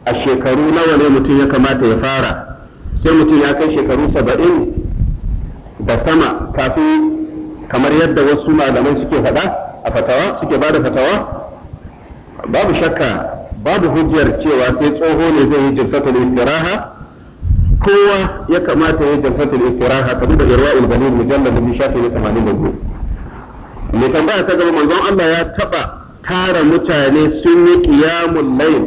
a shekaru nawa ne mutum ya kamata ya fara sai mutum ya kai shekaru saba'in da sama kafin kamar yadda wasu malamai suke faɗa a fatawa suke ba da fatawa babu shakka babu hujjar cewa sai tsoho ne zai yi jinsatul istiraha kowa ya kamata ya yi jinsatul istiraha kamar da irwa'ul balil mujallad bi shafi na biyu mai tambaya ta gaba manzon Allah ya taba tara mutane sun yi ƙiyamun layin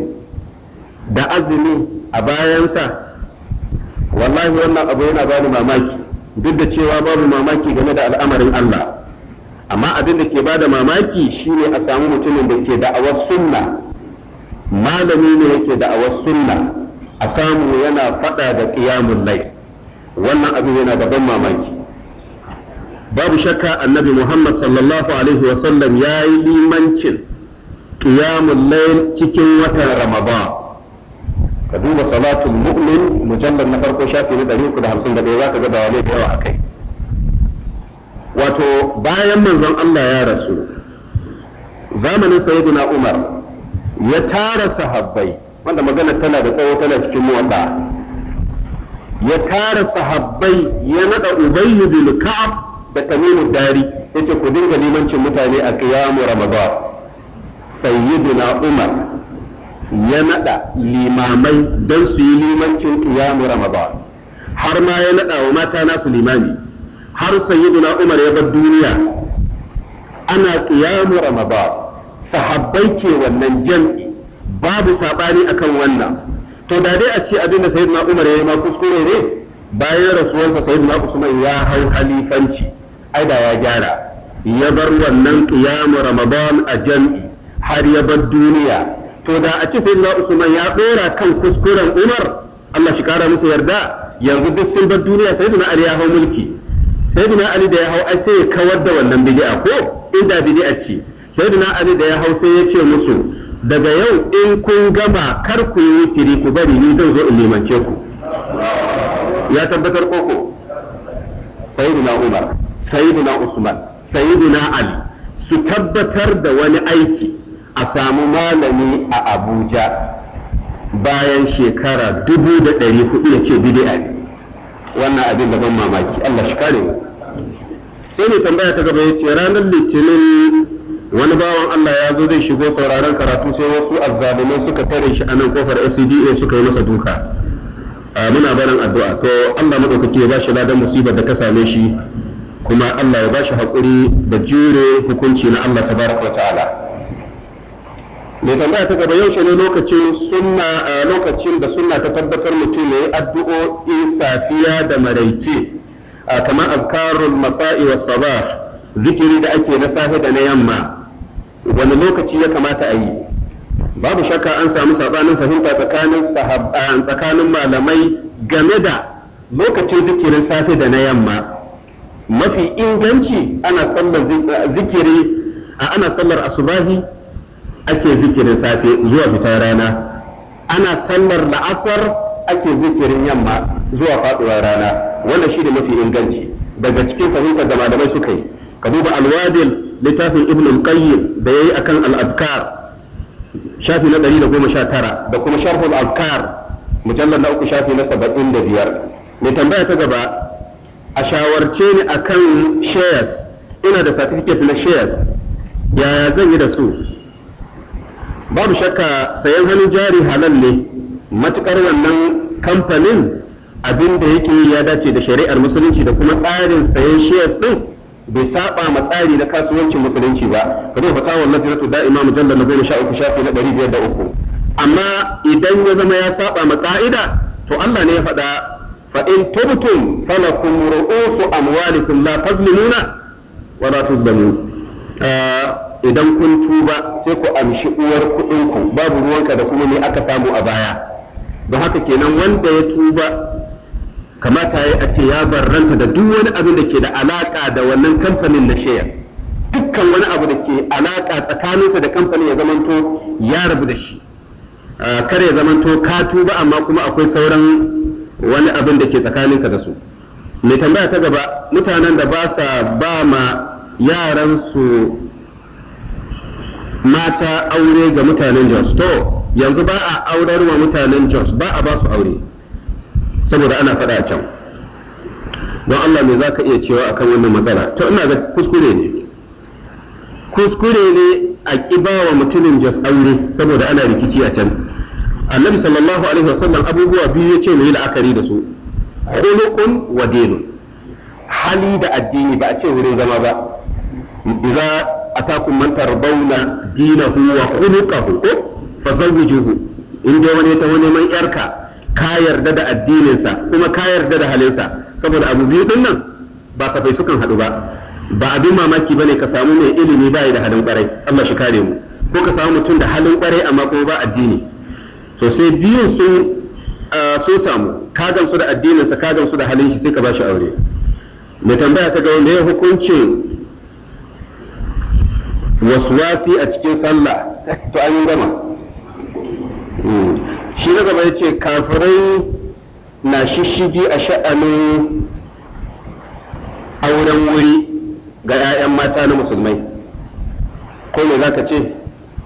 da azumi a bayansa wallahi wannan abu yana bani mamaki duk da cewa babu mamaki game da al'amarin Allah amma abin da ke ba da mamaki shine a samu mutumin da ke da'awar sunna malami ne yake da'awar sunna a samu yana faɗa da ƙiyamun lai wannan abin yana da ban mamaki babu shakka annabi muhammad sallallahu alaihi sallam ya yi limancin ƙiyamun lai cikin watan ramadan ka duba salatul mu'min mujallar na farko shafi na 351 za ka ga da wale da yawa akai wato bayan manzon Allah ya rasu zamanin sayyidina Umar ya tara sahabbai wanda magana tana da tsawo tana cikin motsa, ya tara sahabbai ya nada ubayy bil ka'ab da tamimu dari yace ku dinga limancin mutane a qiyamu ramadan sayyidina Umar ya nada limamai don su yi limancin qiyamu ramadan har ma ya nada wa mata na su limami har sayyiduna Umar ya bar duniya ana qiyamu Ramadan sahabbai ke wannan jam'i babu sabani akan wannan to da dai a ce abinda sayyiduna Umar ya yi ma kuskure ne bayan rasuwarsa sayyiduna Usman ya hau halifanci ai da ya gyara ya bar wannan qiyamu Ramadan a jam'i har ya bar duniya to da a ce sayyiduna Usman ya dora kan kuskuren Umar Allah shi kara musu yarda yanzu duk sun bar duniya sayyiduna Ali ya hau mulki sayyidina ali da ya hau ai sai kawar da wannan bid'a ko inda bid'a ce sayyidina ali da ya hau sai ya ce musu daga yau in kun gama kar ku yi wutiri ku bari ni zan zo in limance ku ya tabbatar koko sayyidina umar sayyidina usman sayyidina ali su tabbatar da wani aiki a samu malami a abuja bayan shekara dubu da ɗari hudu ya ce bid'a ne wannan abin da ban mamaki Allah shi kare sai ne tambaya ta gaba yace ranar litinin wani bawan Allah ya zo zai shigo sauraron karatu sai wasu azzalumai suka tare shi a nan kofar SDA suka yi masa duka muna barin addu'a to Allah madaukake ya bashi ladan musibar da ta same shi kuma Allah ya bashi hakuri da jure hukunci na Allah tabaraka wa ta'ala mai tambaya ta gaba yaushe ne lokacin sunna a lokacin da sunna ta tabbatar mutum ne addu'o'i safiya da maraice a kamar azkarul masa'i wa sabah zikiri da ake na safe da na yamma wani lokaci ya kamata a yi babu shakka an samu sabanin fahimta tsakanin malamai game da lokacin zikirin safe da na yamma mafi inganci ana sallar zikiri a ana sallar asubahi ake zikirin safe zuwa fitar rana ana sallar la'afar ake zikirin yamma zuwa faduwar rana wanda shi ne mafi inganci daga cikin fahimtar da malamai suka yi ka duba alwadil littafin ibn al-qayyim da yayi akan al-adkar shafi na 119 da kuma al adkar mujallal na uku shafi na 75 ne tambaya ta gaba a shawarce ni akan shares ina da certificate na shares yaya zan yi da su babu shakka sayan hannun jari halal ne matukar wannan kamfanin abin da yake ya dace da shari'ar musulunci da kuma tsarin sayan shares din bai saba ma tsari na kasuwancin musulunci ba kamar fatawar naziratu imamu mujallal na goma sha uku shafi na ɗari biyar da uku amma idan ya zama ya saba ma ka'ida to Allah ne ya faɗa fa in tubtum falakum ru'usu amwalikum la tazlimuna wa la tuzlamun ah, idan kun tuba sai ku amshi uwar kuɗinku babu ruwanka da kuma ne aka samu a baya don haka kenan wanda ya tuba kamata ya a ce ya barranta da duk wani abin da ke da alaƙa da wannan kamfanin na shayar dukkan wani abu da ke alaƙa tsakaninsa da kamfanin ya zamanto ya rabu da shi kar ya zamanto ka tuba amma kuma akwai sauran wani abin da ke tsakaninka da su mai tambaya ta gaba mutanen da ba sa ba ma yaransu mata aure ga mutanen Jos to yanzu ba a aurar wa mutanen Jos ba a ba su aure saboda ana faɗa a can don Allah me za ka iya cewa akan wannan matsala to ina ga kuskure ne kuskure ne a ƙiba wa mutumin Jos aure saboda ana rikici a can annabi sallallahu alaihi wasallam abubuwa biyu ya ce mu yi la'akari da su khuluqun wa dinun hali da addini ba a ce wurin zama ba atakum man tarbawna dinahu wa khuluquhu ko zawwijuhu in dai wani ta wani mai yarka ka yarda da addininsa kuma ka yarda da halinsa saboda abu biyu din nan ba bai sukan haɗu ba ba abin mamaki bane ka samu mai ilimi bai da halin kwarai Allah shi kare mu ko ka samu mutum da halin kwarai amma kuma ba addini to sai biyun sun samu ka gamsu da addininsa ka gamsu da halin shi sai ka bashi aure mai tambaya ta ga wanda ya hukuncin waswasi a cikin sallah to an gama hmm. shi na gaba ya ce kafirai na shishigi a sha'anin auren wuri ga 'ya'yan mata na musulmai ko me za ka ce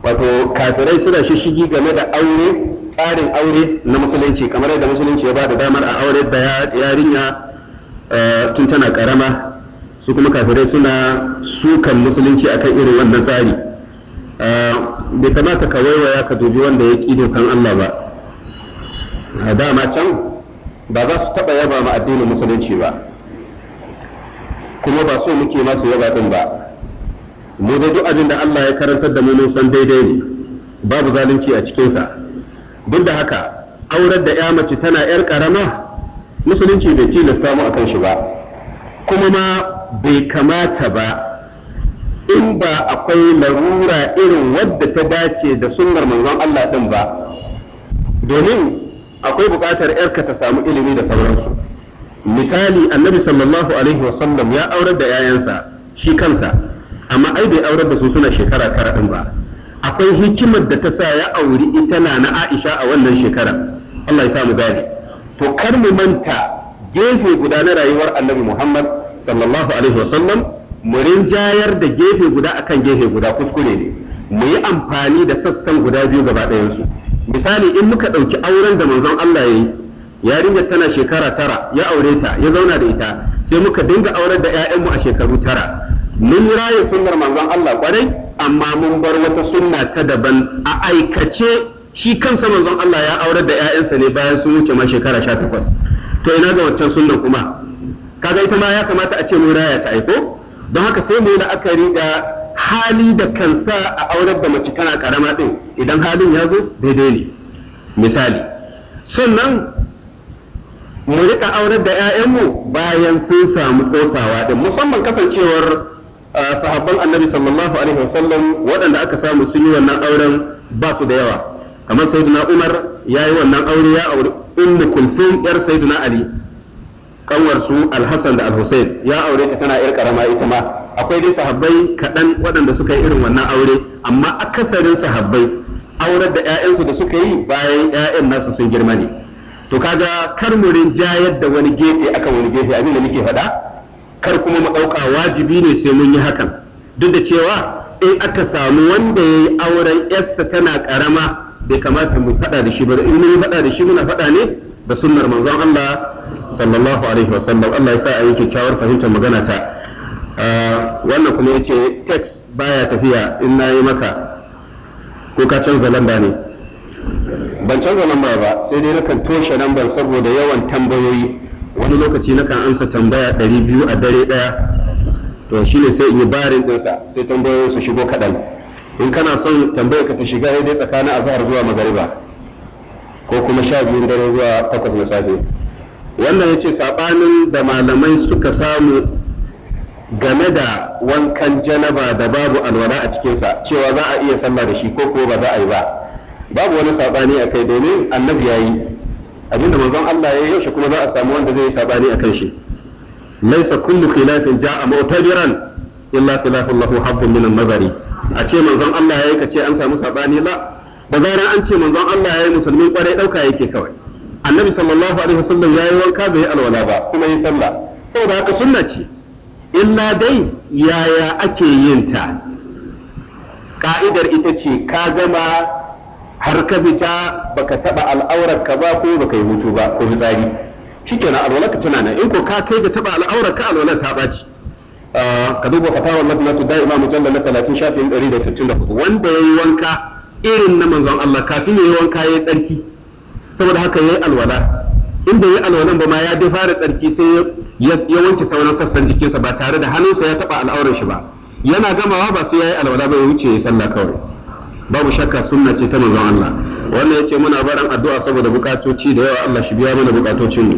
wato kafirai suna shishigi game da aure tsarin aure na musulunci kamar yadda musulunci ya ba da damar a aure da yarinya eh, tun tana karama su kuma kafirai suna sukan musulunci akan irin wannan tsari ah, bai kamata ka waiwaya ka dubi wanda ya ƙi dokan Allah ba a ah, dama can ba za su taɓa yaba ma addinin musulunci ba kuma ba so muke masu yaba din ba mu da duk abin da Allah ya karantar da mu mun san daidai ne babu zalunci a cikinsa duk da haka aurar da ya mace tana yar karama musulunci bai tilasta mu akan shi ba kuma ma bai kamata ba in ba akwai larura irin wadda ta dace da sunnar manzon Allah din ba domin akwai buƙatar yarka ta samu ilimi da sauransu misali annabi sallallahu alaihi wasallam ya aurar da 'ya'yansa shi kansa amma ai bai aurar da su suna shekara tara din ba akwai hikimar da ta sa ya auri ita na na Aisha a wannan shekara Allah ya sa mu gane to kar mu manta gefe guda na rayuwar Annabi Muhammad sallallahu alaihi wasallam mu rinjayar da gefe guda akan gefe guda kuskure ne mu yi amfani da sassan guda biyu gaba ɗayansu misali in muka ɗauki auren da manzon Allah ya yi yarinyar tana shekara tara ya aure ta ya zauna da ita sai muka dinga aurar da mu a shekaru tara mun raye sunnar manzon Allah kwarai amma mun bar wata sunna ta daban a aikace shi kansa manzon Allah ya aurar da 'ya'yansa ne bayan sun wuce ma shekara sha takwas to ina ga wancan sunnar kuma kaga ita ma ya kamata a ce mun raya ta aiko don haka sai mu yi la'akari da hali da kansa a aurar da mace kana karama din idan halin ya zo daidai ne misali sannan mu rika aurar da 'ya'yanmu bayan sun samu tsosawa din musamman kasancewar sahabban annabi sallallahu alaihi wasallam waɗanda aka samu sun yi wannan auren ba su da yawa kamar sayyidina umar ya yi wannan aure ya aure ummu kulsum yar sayyidina ali kanwar su alhassan da alhussein ya aure ta tana yar karama ita ma akwai dai sahabbai kaɗan waɗanda suka yi irin wannan aure amma akasarin sahabbai aurar da 'ya'yansu da suka yi bayan 'ya'yan nasu sun girma ne to kaga kar mu rinjayar da wani gefe akan wani gefe abin da nake faɗa kar kuma mu ɗauka wajibi ne sai mun yi hakan duk da cewa in aka samu wanda ya yi auren 'yarsa tana karama bai kamata mu faɗa da shi ba in mun faɗa da shi muna faɗa ne da sunnar manzon Allah sallallahu alaihi wa sallam Allah ya sa a yi kyakkyawar fahimtar magana ta ah, wannan kuma yace text baya tafiya in nayi maka ko ka canza lamba ne ban canza lamba ba sai dai nakan toshe lambar saboda yawan tambayoyi wani lokaci nakan amsa tambaya 200 biyu a dare daya to shine sai in yi barin ɗinsa sai tambayoyin su shigo kaɗan in kana son tambayar ka ta shiga dai tsakanin azhar zuwa magariba ko kuma sha biyun dare zuwa takwas na safe wannan yace sabanin da malamai suka samu game da wankan janaba da babu alwala a cikinsa cewa za a iya sallah da shi ko ko ba za a yi ba babu wani sabani a kai domin annabi ya yi abinda manzon Allah ya yi shi kuma za a samu wanda zai yi sabani a kan shi laisa kullu khilafin ja'a mu'tabiran illa khilafun lahu haddun min nazari a ce manzon Allah ya yi kace an samu sabani la da zaran an ce manzon Allah ya yi musulmi kwarai dauka yake kawai annabi sallallahu alaihi wasallam yi wanka bai yi alwala ba kuma yi sallah saboda haka sunna ce illa dai yaya ake yin ta ka'idar ita ce ka gama har ka fita baka taba ka ba ko baka yi hutu ba ko fitsari shikenan alwalarka tana nan in ko ka kai ga taba ka alwala ta baci ah, ka duba fatawa lafnatu da'ima mujallal na 30 shafin 164 wanda yayi wanka irin na manzon Allah kafin yayi wanka yayi tsarki saboda haka yayi alwala inda bai yi alwalan ba ma ya dai fara tsarki sai ya wanke sauran sassan jikinsa ba tare da hannunsa ya taba al'auran shi ba yana gamawa ba sai yi alwala ba ya wuce ya sallah kawai babu shakka sunna ce ta manzon Allah wannan yace muna barin addu'a saboda bukatoci da yawa Allah shi biya mana bukatocin mu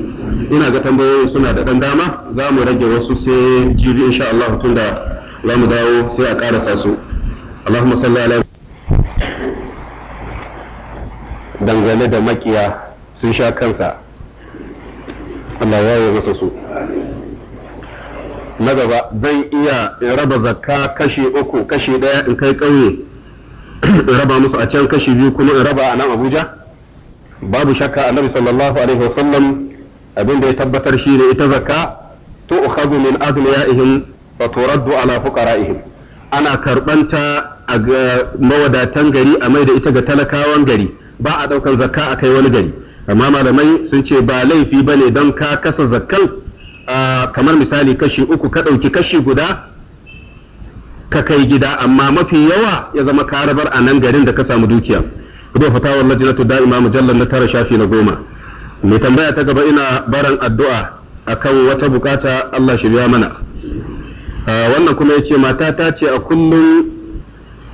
ina ga tambayoyi suna da dan dama za mu rage wasu sai jibi insha Allah tunda za mu dawo sai a karasa su Allahumma salli ala dangane da makiya sun sha kansa Allah ya yi masa su na gaba zan iya in raba zakka kashi uku kashi ɗaya in kai ƙauye in raba musu a can kashi biyu kuma in raba a nan abuja babu shakka annabi sallallahu alaihi wasallam abin ya tabbatar shi ne ita zakka to ukhadhu min adliyaihim wa turaddu ala fuqara'ihim ana karbanta a mawadatan gari a mai da ita ga talakawan gari ba a ɗaukar zakka a kai wani gari amma malamai sun ce ba laifi ba ne don ka kasa zakkan kamar misali kashi uku ka ɗauki kashi guda ka kai gida amma mafi yawa ya zama karabar a nan garin da ka samu dukiya ido fatawar lajinatu da'ima mujallar na tara shafi na goma mai tambaya ta gaba ina baran addu'a akan wata bukata Allah shirya mana wannan kuma ya ce mata ta ce a kullum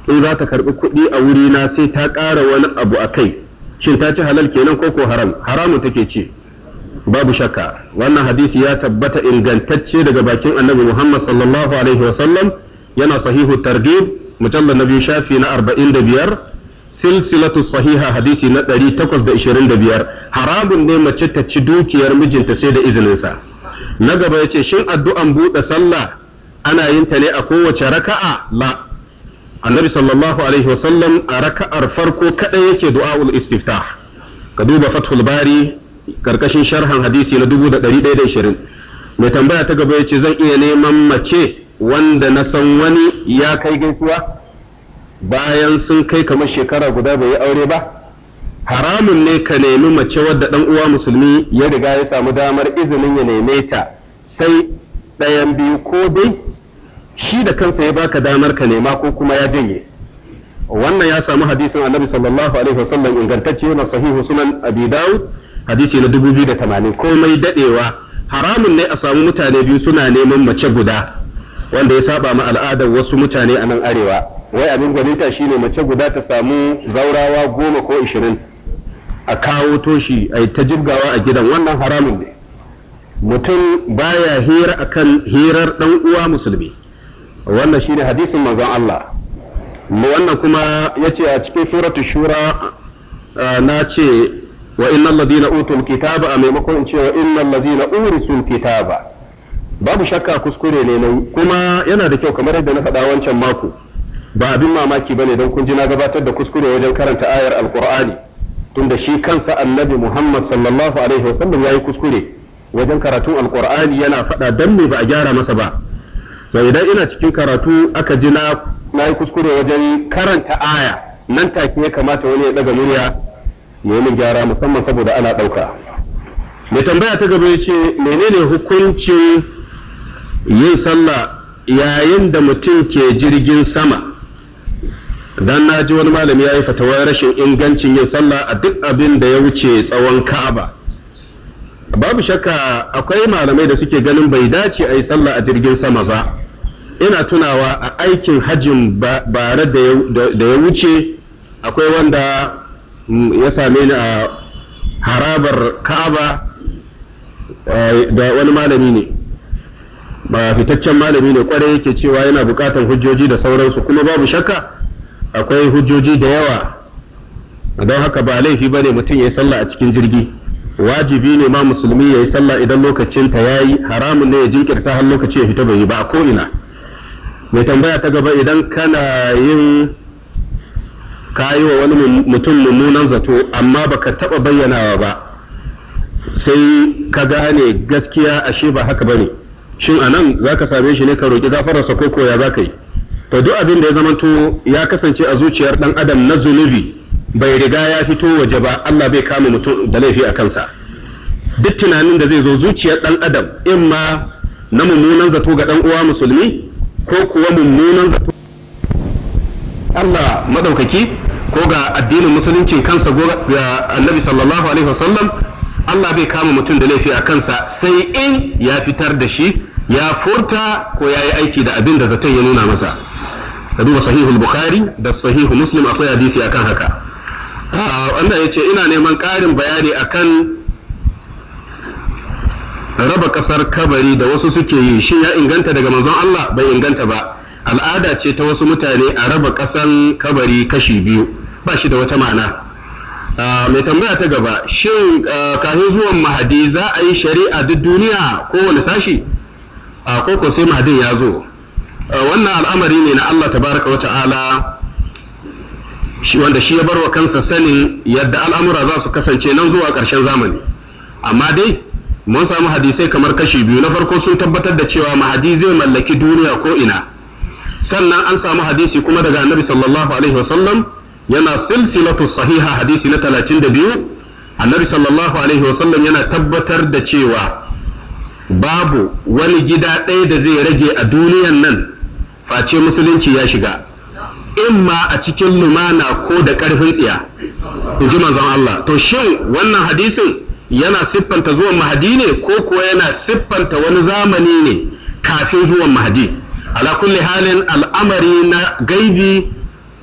in za ta karɓi kuɗi a wurina sai ta ƙara wani abu a kai shin ta ci halal kenan ko ko haram haramun take ce babu shakka wannan hadisi ya tabbata ingantacce daga bakin annabi muhammad sallallahu alaihi wasallam yana sahihu targhib mujallar na biyu shafi na arba'in da biyar silsilatu sahiha hadisi na ɗari takwas da ishirin da biyar haramun ne mace ta ci dukiyar mijinta sai da izininsa na gaba ya ce shin addu'an buɗe sallah ana yin ta ne a kowace raka'a la annabi sallallahu alaihi wasallam a raka'ar farko kaɗai yake du'a'ul istiftah ka duba fathul bari karkashin sharhan hadisi na 1120 mai tambaya ta gaba yace zan iya neman mace wanda na san wani ya kai gaisuwa bayan sun kai kamar shekara guda bai yi aure ba haramun ne ka nemi mace wadda dan uwa musulmi ya riga ya samu damar izinin ya neme ta sai ɗayan biyu ko dai shi da kansa ya baka damar ka nema ko kuma ya janye wannan ya samu hadisin annabi sallallahu alaihi wasallam ingantacce na sahihu sunan abi daud hadisi na 2080 komai dadewa haramun ne a samu mutane biyu suna neman mace guda wanda ya saba ma al'adar wasu mutane a nan arewa wai abin gwaninta shine mace guda ta samu zaurawa goma ko ishirin a kawo toshi a ta jirgawa a gidan wannan haramun ne mutum baya hira akan hirar dan uwa musulmi wannan shine hadisin manzon Allah wannan kuma yace a cikin suratu shura na ce wa innal ladina utul kitaba a maimakon in ce wa innal ladina urisul kitaba babu shakka kuskure ne nan kuma yana da kyau kamar yadda na faɗa wancan mako ba abin mamaki bane don kun ji na gabatar da kuskure wajen karanta ayar alqur'ani tunda shi kansa annabi Muhammad sallallahu alaihi wasallam yayi kuskure wajen karatun alqur'ani yana faɗa dan me ba a gyara masa ba to idan ina cikin karatu aka ji na yi kuskure wajen karanta aya nan take ya kamata wani ya daga murya ya yi gyara musamman saboda ana ɗauka mai tambaya ta gaba ya ce menene hukuncin yin sallah yayin da mutum ke jirgin sama dan na ji wani malami ya yi fatawar rashin ingancin yin sallah a duk abin da ya wuce tsawon ka'aba babu shakka akwai malamai da suke ganin bai dace a yi sallah a jirgin sama ba ina tunawa a aikin hajjin bare da ya wuce akwai wanda mm, ya same ni a harabar ka'aba eh, da wani malami ne ba fitaccen malami ne kwarai yake cewa yana bukatan hujjoji da sauransu kuma babu shakka akwai hujjoji da yawa don haka ba laifi ba ne mutum ya yi sallah a cikin jirgi wajibi ne ma musulmi ya yi sallah idan lokacinta ya yi haramun ne ya jinkirta har lokaci ya fita bai yi ba a ko'ina mai tambaya ta gaba idan kana yin kayi wa wani mutum mummunan zato amma baka taba bayyanawa ba sai ka gane gaskiya ashe ba haka ba ne shin anan zaka same shi ne ka roki gafararsa ko koya zaka yi to duk abin da ya zamanto ya kasance a zuciyar dan adam na zunubi bai riga ya fito waje ba Allah bai kama mutum da laifi a kansa duk tunanin da zai zo zuciyar dan adam in ma na mummunan zato ga dan uwa musulmi ko kuwa mummunan zato Allah madaukaki ko ga addinin musuluncin kansa ga annabi sallallahu alaihi wasallam Allah bai kama mutum da laifi a kansa sai in ya fitar da shi ya furta ko ya yi aiki da abin da zaton ya nuna masa da duba sahihul bukhari da sahihu muslim akwai hadisi akan haka Allah ya ce ina neman ƙarin bayani akan raba kasar kabari da wasu suke yi shi ya inganta daga manzon Allah bai inganta ba al'ada ce ta wasu mutane a raba kasar kabari kashi biyu ba shi da wata ma'ana ah, mai tambaya ta gaba shin ah, kafin zuwan mahadi za a yi shari'a duk duniya kowane sashi ah, ko ko sai mahadin ya zo wannan al'amari ne na Allah tabaraka wa ta'ala wanda shi ya bar wa kansa sanin yadda al'amura za su kasance nan zuwa ƙarshen zamani amma dai mun samu hadisai kamar kashi biyu na farko sun tabbatar da cewa mahadi zai mallaki duniya ko ina sannan an samu hadisi kuma daga annabi sallallahu alaihi wasallam yana silsilatu sahiha hadisi na 32 annabi sallallahu alaihi wasallam yana tabbatar da cewa babu wani gida ɗaya da zai rage a duniyan nan face musulunci ya shiga imma a cikin lumana ko da ƙarfin tsiya in ji manzon Allah to shin wannan hadisin yana siffanta zuwan mahadi ne ko kuwa yana siffanta wani zamani ne kafin zuwan mahadi ala kulli halin al'amari na gaibi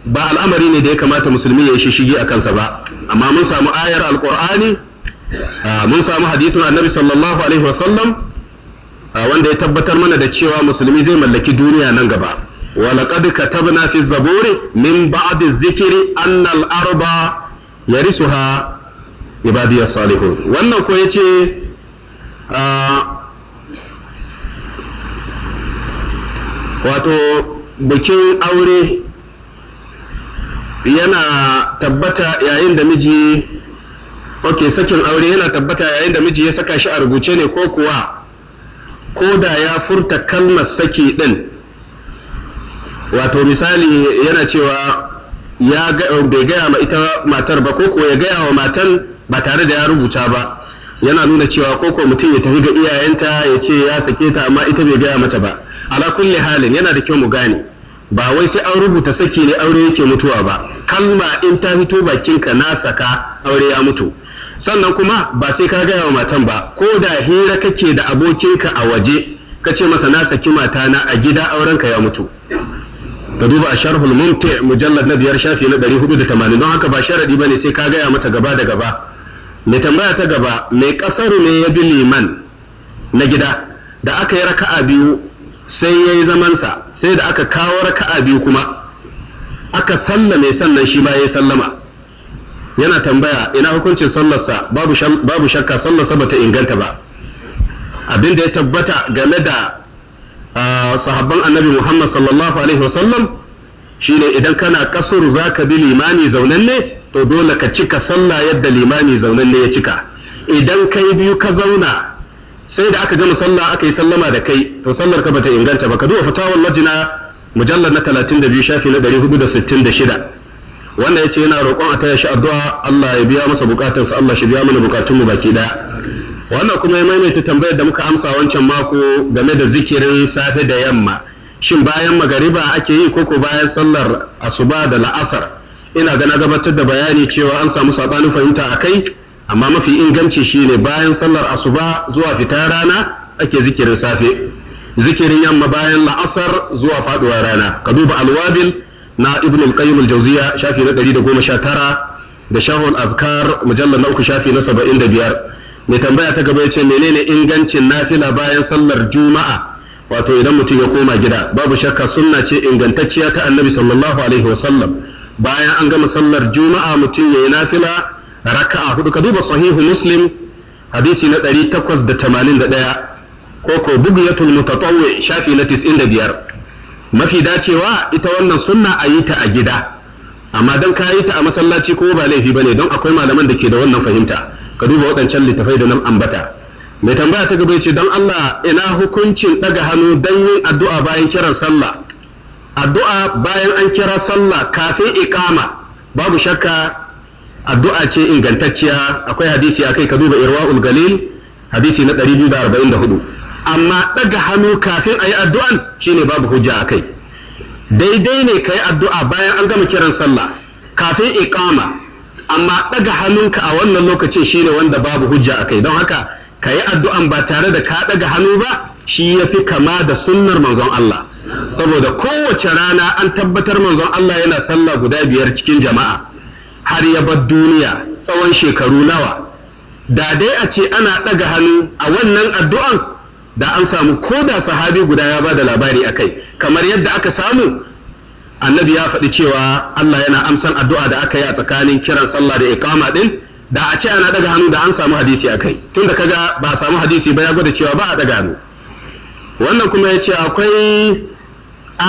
ba al'amari ne da ya kamata musulmi ya yi shige a kansa ba amma mun samu ayar alkur'ani mun samu hadisin annabi sallallahu alaihi wasallam wanda ya tabbatar mana da cewa musulmi zai mallaki duniya nan gaba ولقد كتبنا في min من annal الذكر أن الأرض يرثها ibadiyar salihu wannan ko ya ce wato bikin aure yana tabbata yayin da miji ok sakin aure yana tabbata yayin da miji ya saka shi a rubuce ne ko kuwa ko da ya furta kalmar saki ɗin wato misali yana cewa ya bai gaya ma ita matar ba ko kuwa ya gaya wa matan ba tare da ya rubuta ba yana nuna cewa koko mutum ya tafi ga iyayenta ya ce ya sake ta amma ita bai gaya mata ba ala kulli halin yana da kyau mu gane ba wai sai an rubuta saki ne aure yake mutuwa ba kalma in ta fito bakinka na saka aure ya mutu sannan kuma ba sai ka gaya wa matan ba ko da hira kake da abokinka a waje ka ce masa na saki matana a gida aurenka ya mutu ka duba a sharhul mumti mujallad na biyar shafi na 480 don haka ba sharadi bane sai ka gaya mata gaba da gaba mai tambaya ta gaba mai kasar ne ya bi liman na gida da aka yi raka'a biyu sai ya yi zamansa sai da aka kawo raka'a biyu kuma aka sallame sannan shi ma ya sallama yana tambaya ina hukuncin sallarsa babu shakka sallarsa bata inganta ba abin da ya tabbata game da ah, sahabban annabi muhammad sallallahu alaihi wasallam shine idan kana za ka bi limani zaunanne ne to dole ka cika sallah yadda limami ne ya cika idan kai biyu ka zauna sai da aka gama sallah aka yi sallama da kai to sallar ka bata inganta ba ka duba fatawar lajina mujallar na 32 shafi na 466 wannan yace yana roƙon a taya shi addu'a Allah ya biya masa sa Allah shi biya mana bukatun mu baki daya wannan kuma ya maimaita tambayar da muka amsa wancan mako game da zikirin safe da yamma shin bayan magariba ake yi koko bayan sallar asuba da la'asar ina gana gabatar da bayani cewa an samu sabanin fahimta a kai amma mafi inganci shine bayan sallar asuba zuwa fita rana ake zikirin safe zikirin yamma bayan la'asar zuwa faduwa rana ka duba alwabil na ibn al-qayyim al-jawziya shafi na 119 da shahul azkar mujallar na uku shafi na 75 mai tambaya ta gaba ce menene ingancin nafila bayan sallar juma'a wato idan mutum ya koma gida babu shakka sunna ce ingantacciya ta annabi sallallahu alaihi wa sallam. bayan an gama sallar juma'a mutum ya yayi nafila raka'a hudu ka duba sahihu muslim hadisi na 881 ko ko bugiyatul mutatawwi shafi na biyar. mafi dacewa ita wannan sunna a yi ta a gida amma dan ka yi ta a masallaci ko ba laifi ba ne, don akwai malaman da ke da wannan fahimta ka duba waɗancan littafai da nan ambata mai tambaya ta gaba ce don Allah ina hukuncin ɗaga hannu don yin addu'a bayan kiran sallah addu'a bayan an kira sallah kafin iƙama babu shakka addu'a ce ingantacciya akwai hadisi akai ka duba irwa galil hadisi na 244 amma daga hannu kafin a yi addu'an shine babu hujja a kai daidai ne ka yi addu'a bayan an gama kiran sallah kafin iƙama amma daga hannunka a wannan lokacin shine wanda babu hujja a kai don haka ka yi addu'an ba tare da ka daga hannu ba shi ya fi kama da sunnar manzon Allah saboda kowace rana an tabbatar manzon Allah yana sallah guda biyar cikin jama'a har ya bar duniya tsawon shekaru nawa da dai a ce ana ɗaga hannu a wannan addu'an da an samu ko da sahabi guda ya ba da labari akai kamar yadda aka samu annabi ya faɗi cewa Allah yana amsan addu'a da aka yi a tsakanin kiran sallah da ikama ɗin da a ce ana daga hannu da an samu hadisi akai tunda kaga ba a samu hadisi ba ya gwada cewa ba a daga hannu wannan kuma ya ce akwai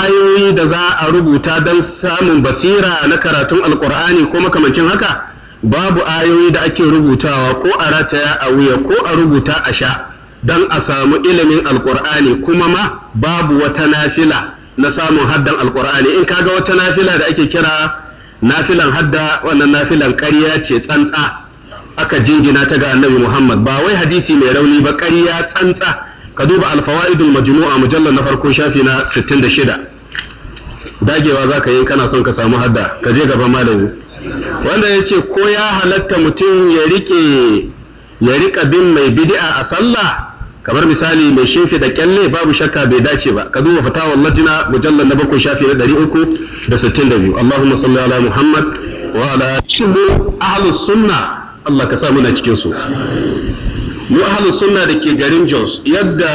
ayoyi da za a rubuta don samun basira na karatun alkur'ani ko makamancin haka babu ayoyi da ake rubutawa ko a rataya a wuya ko a rubuta a sha don a samu ilimin alkur'ani kuma ma babu wata nafila na samun haddan alkur'ani in kaga wata nafila da ake kira nafilan hadda wannan nafilan ƙarya ce tsantsa aka jingina ta ga annabi muhammad ba wai hadisi mai rauni ba karya tsantsa ka duba alfawaidul majmu'a mujallar na farko shafi na 66 dagewa za ka yi kana son ka samu hadda ka je gaban malami wanda ya ce ko ya halatta mutum ya rike ya rika bin mai bid'a a sallah kamar misali mai shinfi da kyalle babu shakka bai dace ba ka duba fatawar latina mujallar na bakwai shafi na ɗari allahumma salli ala muhammad wa ala Shin mu ahlus sunna allah ka sa muna cikin su mu ahlu sunna da ke garin Jos yadda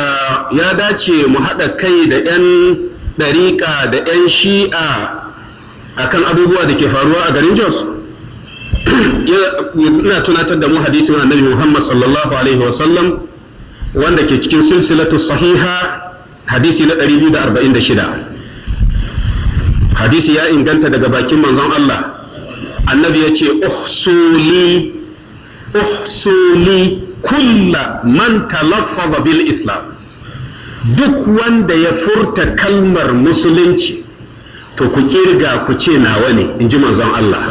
ya dace mu haɗa kai da 'yan ɗariƙa da 'yan shi'a akan abubuwa da ke faruwa a garin Jos ina tunatar da mu hadisi hadisin annabi Muhammad sallallahu alaihi wa sallam wanda ke cikin silsilatu sahiha hadisi na 246 hadisi ya inganta daga bakin manzon Allah annabi ya ce uhsuli uhsuli kulla man talaffaza bil islam duk wanda ya furta kalmar musulunci to ku kirga ku ce nawa ne in ji manzon Allah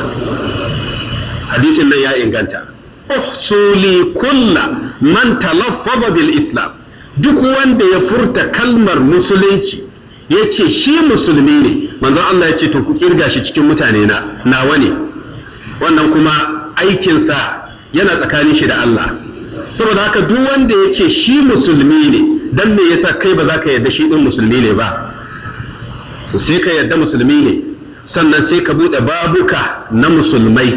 hadisin nan ya inganta usuli kulla man talaffaza bil islam duk wanda ya furta kalmar musulunci yace shi musulmi ne manzon Allah ya ce to ku kirga shi cikin mutane na nawa ne wannan kuma aikinsa yana tsakanin shi da Allah saboda haka duk wanda ya ce shi musulmi ne dan me yasa kai ba za ka yarda shi din musulmi ne ba sai ka yarda musulmi ne sannan sai ka bude babuka na musulmai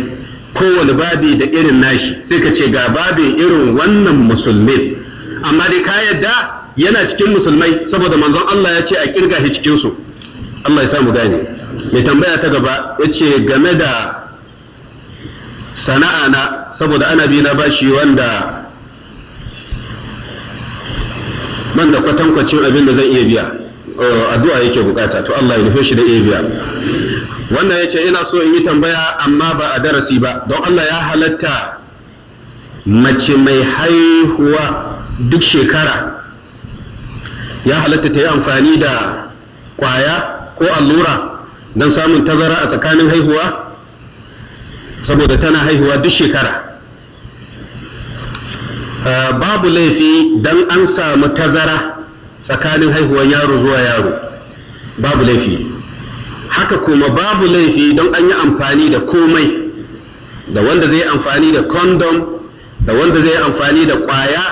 kowane babi da irin nashi sai ka ce ga babi irin wannan musulmin amma dai ka yarda yana cikin musulmai saboda manzon Allah ya ce a kirga shi cikin su Allah ya samu gane mai tambaya ta gaba yace game da sana'a na saboda ana bi na bashi wanda ban da kwatankwacin abin da zan iya biya addu'a yake bukata to Allah ya nufe shi da iya biya wannan ya ce ina so in yi tambaya amma ba a darasi ba don Allah ya halatta mace mai haihuwa duk shekara ya halatta ta yi amfani da kwaya ko allura don samun tazara a tsakanin haihuwa saboda tana haihuwa duk shekara Eh, babu laifi dan an samu tazara tsakanin haihuwar yaro zuwa yaro babu laifi haka kuma babu laifi don an yi amfani da komai da wanda zai amfani da condom da wanda zai amfani da kwaya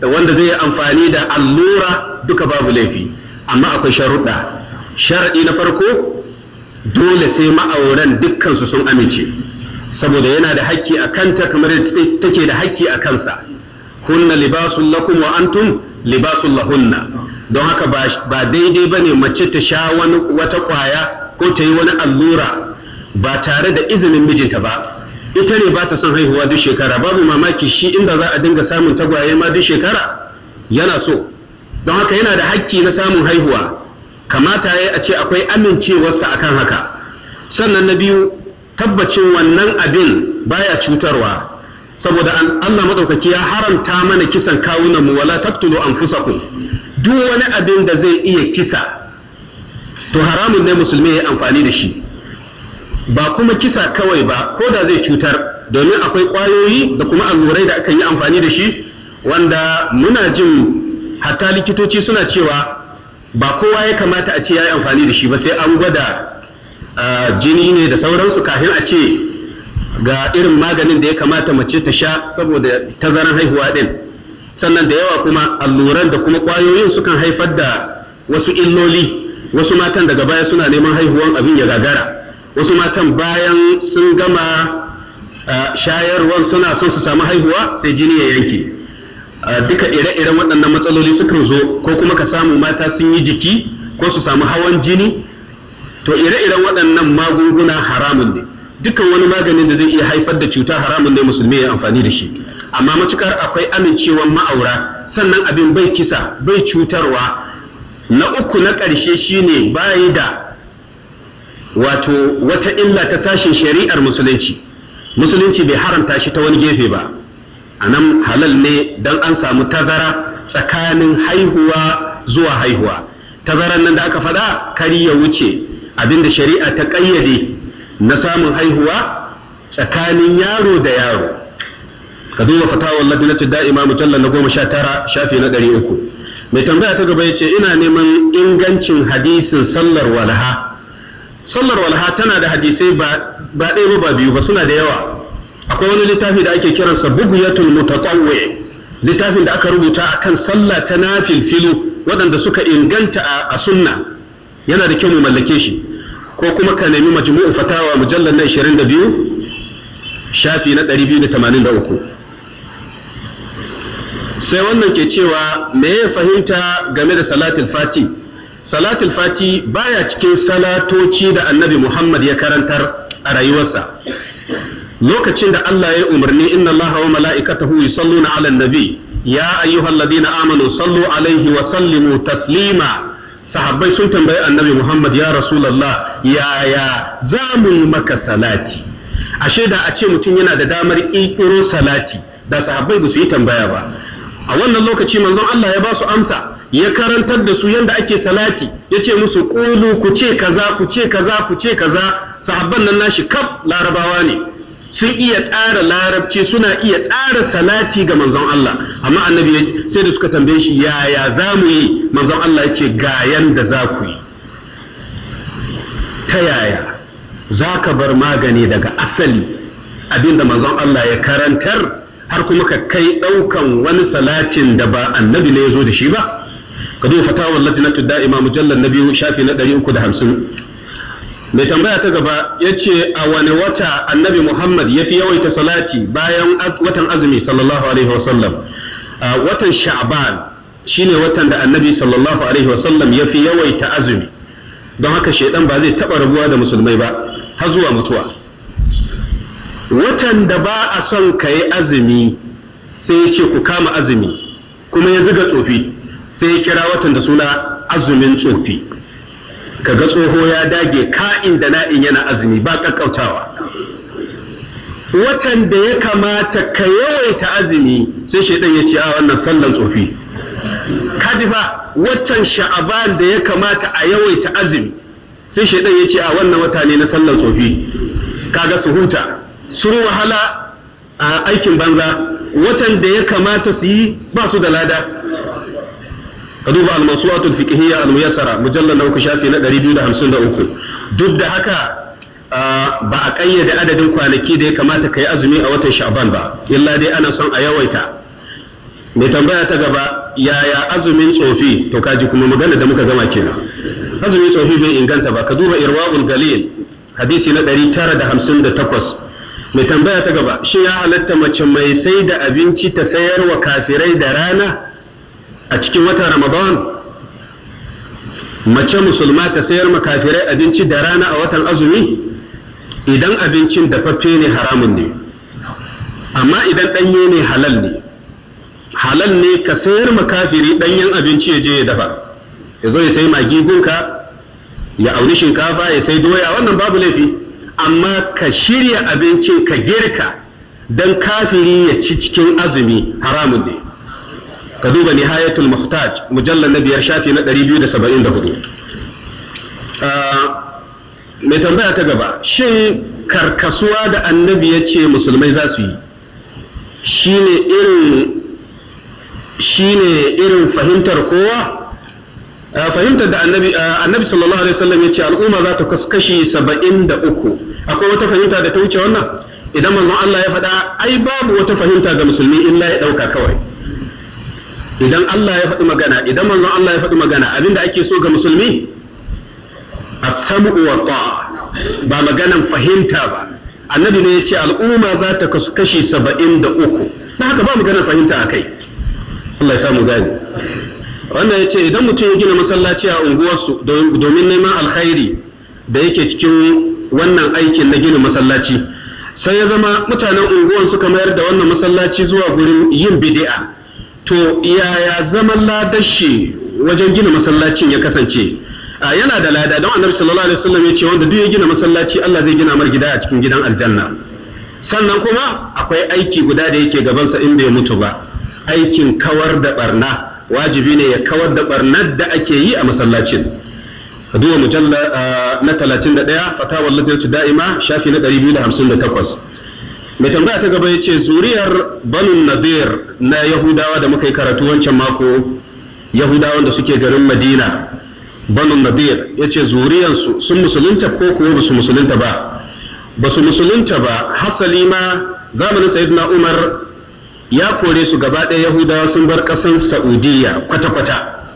da wanda zai amfani da allura duka babu laifi amma akwai sharuɗa sharaɗi na farko dole sai ma'auran dukkansu sun amince saboda yana da hakki a kanta kamar take da hakki a kansa kunna libasun lakum wa antum libasun lahunna don haka ba daidai ba ne mace ta sha wani wata kwaya ko ta yi wani allura ba tare da izinin mijinta ba ita ne ba ta son haihuwa duk shekara babu mamaki shi inda za a dinga samun tagwaye ma duk shekara yana so don haka yana da hakki na samun haihuwa kamata ya a ce akwai amincewarsa akan haka sannan na biyu tabbacin wannan abin baya cutarwa saboda Allah madaukaki ya haramta mana kisan kawunan mu wala taqtulu anfusakum duk wani abin da zai iya kisa to haramun ne musulmi ya amfani da shi ba kuma kisa kawai ba ko da zai cutar domin akwai kwayoyi da kuma allurai da aka yi amfani da shi wanda muna jin hatta likitoci suna cewa ba kowa ya kamata a ce ya yi amfani da shi ba sai an gwada ah, jini ne da sauransu kafin a ce ga irin maganin da ya kamata mace ta sha saboda tazaran haihuwa din sannan da yawa kuma alluran da kuma kwayoyin sukan haifar da wasu illoli wasu matan daga baya suna neman haihuwan abin ya gagara wasu matan bayan sun gama shayarwan suna son su samu haihuwa sai jini ya yanke duka ire-iren waɗannan matsaloli sukan zo ko kuma ka samu mata sun yi jiki ko su samu hawan jini to ire-iren waɗannan magunguna haramun ne dukkan wani maganin da zai iya haifar da cuta haramun ne musulmi ya amfani da shi amma matukar akwai amincewan ma'aura sannan abin bai kisa bai cutarwa na uku na ƙarshe shine bayi da wato wata illa ta sashen shari'ar musulunci musulunci bai haramta shi ta wani gefe ba a nan halal ne don an samu tazara tsakanin haihuwa zuwa haihuwa tazarar nan da aka faɗa kari ya wuce abinda shari'a ta ƙayyade na samun haihuwa tsakanin yaro da yaro ka duba fatawar ladinati da'ima talla na goma sha tara shafi na ɗari uku mai tambaya ta gaba ya ce ina neman ingancin hadisin sallar walha sallar walha tana da hadisai ba ɗaya ba biyu ba suna da yawa akwai wani littafi da ake kiransa bugiyatul mutatawwi littafin da aka rubuta akan sallah ta nafilfilu waɗanda suka inganta a sunna yana da kyau mu mallake shi ko kuma ka nemi majmu'u fatawa mujallar na 22 shafi na 283 sai wannan ke cewa me ya fahimta game da salatul fati salatul fati baya cikin salatoci da annabi muhammad ya karantar a rayuwarsa lokacin da Allah ya umarni inna Allah wa mala'ikatahu yusalluna 'alan nabi ya ladina amanu sallu alaihi wa sallimu taslima sahabbai sun tambayi annabi Muhammad ya Rasulullah yaya za mu yi maka salati ashe da a ce mutum yana da damar ƙirƙiro salati da sahabbai ba su yi tambaya ba a wannan lokaci manzon Allah ya ba su amsa ya karantar da su yadda ake salati ya ce musu Kulu ku ce kaza ku ce kaza ku ce kaza sahabban nan nashi kaf larabawa ne sun iya tsara larabci suna iya tsara salati ga manzon Allah amma annabi sai da suka tambaye shi yaya za mu yi manzon Allah ya ce ga yanda za ku yi ta yaya za ka bar magani daga asali abinda manzon Allah ya karantar har kuma ka kai ɗaukan wani salatin da ba annabi ne ya zo da shi ba ka duba fatawar latinatu da'ima mujallar na biyu shafi na 350 mai tambaya ta gaba ya ce a wani wata annabi muhammad ya fi yawaita salati bayan watan azumi sallallahu alaihi wasallam watan sha'ban shine watan da annabi sallallahu alaihi wasallam ya fi yawaita azumi don haka shaidan ba zai taba rabuwa da musulmai ba har zuwa mutuwa watan da ba a son ka yi azumi sai ya ce ku kama azumi kuma ya zuga tsofi sai ya kira watan da suna azumin tsofi Ka ga tsoho ya dage ka'in da na'in yana azumi ba kakkautawa watan da ya kamata ka yawaita azumi sai shaidan ya ce a wannan sallan tsofi kadifa watan sha'aban da ya kamata a yawaita azumi sai shaidan ya ce a wannan wata ne na sallar tsofi kaga su huta sun wahala a aikin banza watan da ya kamata su yi ba su da lada ka duba al-mawsu'atul fiqhiyya al-muyassara mujallar na uku shafi na 253 duk da haka ba a ƙayyade adadin kwanaki da ya kamata ka yi azumi a watan sha'ban ba illa dai ana son a yawaita mai tambaya ta gaba yaya azumin tsofi to kaji kuma magana da muka gama kenan azumin tsofi bai inganta ba ka duba irwaul galil hadisi na 958 mai tambaya ta gaba shi ya halatta mace mai sai da abinci ta sayar wa kafirai da rana a cikin wata ramadan mace musulma ta sayar makafirai abinci da rana a watan azumi idan abincin dafaffe ne haramun ne amma idan ɗanye ne halal ne halal ne ka sayar makafiri ɗanyen abinci ya je ya dafa ya zo ya sai magi gunka ya auni shinkafa ya sai doya wannan babu laifi amma ka shirya abincin ka girka don kafiri ya ci cikin azumi haramun ne ka duba nihayatul muhtaj mujallar na biyar shafi na 274 ah, mai tambaya ta gaba shin karkasuwa da annabi ya ce musulmai za su yi shine irin irin fahimtar kowa ah, fahimtar da annabi ah, annabi sallallahu alaihi wasallam ya ce al'umma za ta kashi 73 akwai wata fahimta da ta wuce wannan idan manzon Allah ya faɗa ai babu wata fahimta ga musulmi illa ya ɗauka kawai idan Allah ya faɗi magana idan manzon Allah ya faɗi magana abinda ake so ga musulmi a samu wa ba maganan fahimta ba annabi ne ya ce al'umma za ta kashi saba'in da uku na haka ba maganar fahimta a kai Allah ya samu gani wannan ya ce idan mutum ya gina masallaci a unguwarsu domin neman alkhairi da yake cikin wannan aikin na gina masallaci sai ya zama mutanen unguwar suka mayar da wannan masallaci zuwa gurin yin bidi'a to yaya zaman ladashi wajen gina masallacin ya kasance a yana da lada don annabi sallallahu alaihi wasallam ya ce wanda duk ya gina masallaci Allah zai gina mar gida a cikin gidan aljanna sannan kuma akwai aiki guda da yake gabansa in bai mutu ba aikin kawar da barna wajibi ne ya kawar da barnar da ake yi a masallacin duba mujalla na 31 fatawar lati da'ima shafi na 258 mai tambaya ta gaba yace zuriyar banu nadir na yahudawa da muka yi karatu wancan mako yahudawan da suke garin madina banu nadir yace zuriyarsu sun musulunta ko kuwa ba su musulunta ba ba su musulunta ba hasali ma zamanin sayyidina umar ya kore su gaba ɗaya yahudawa sun bar ƙasar saudiya kwata-kwata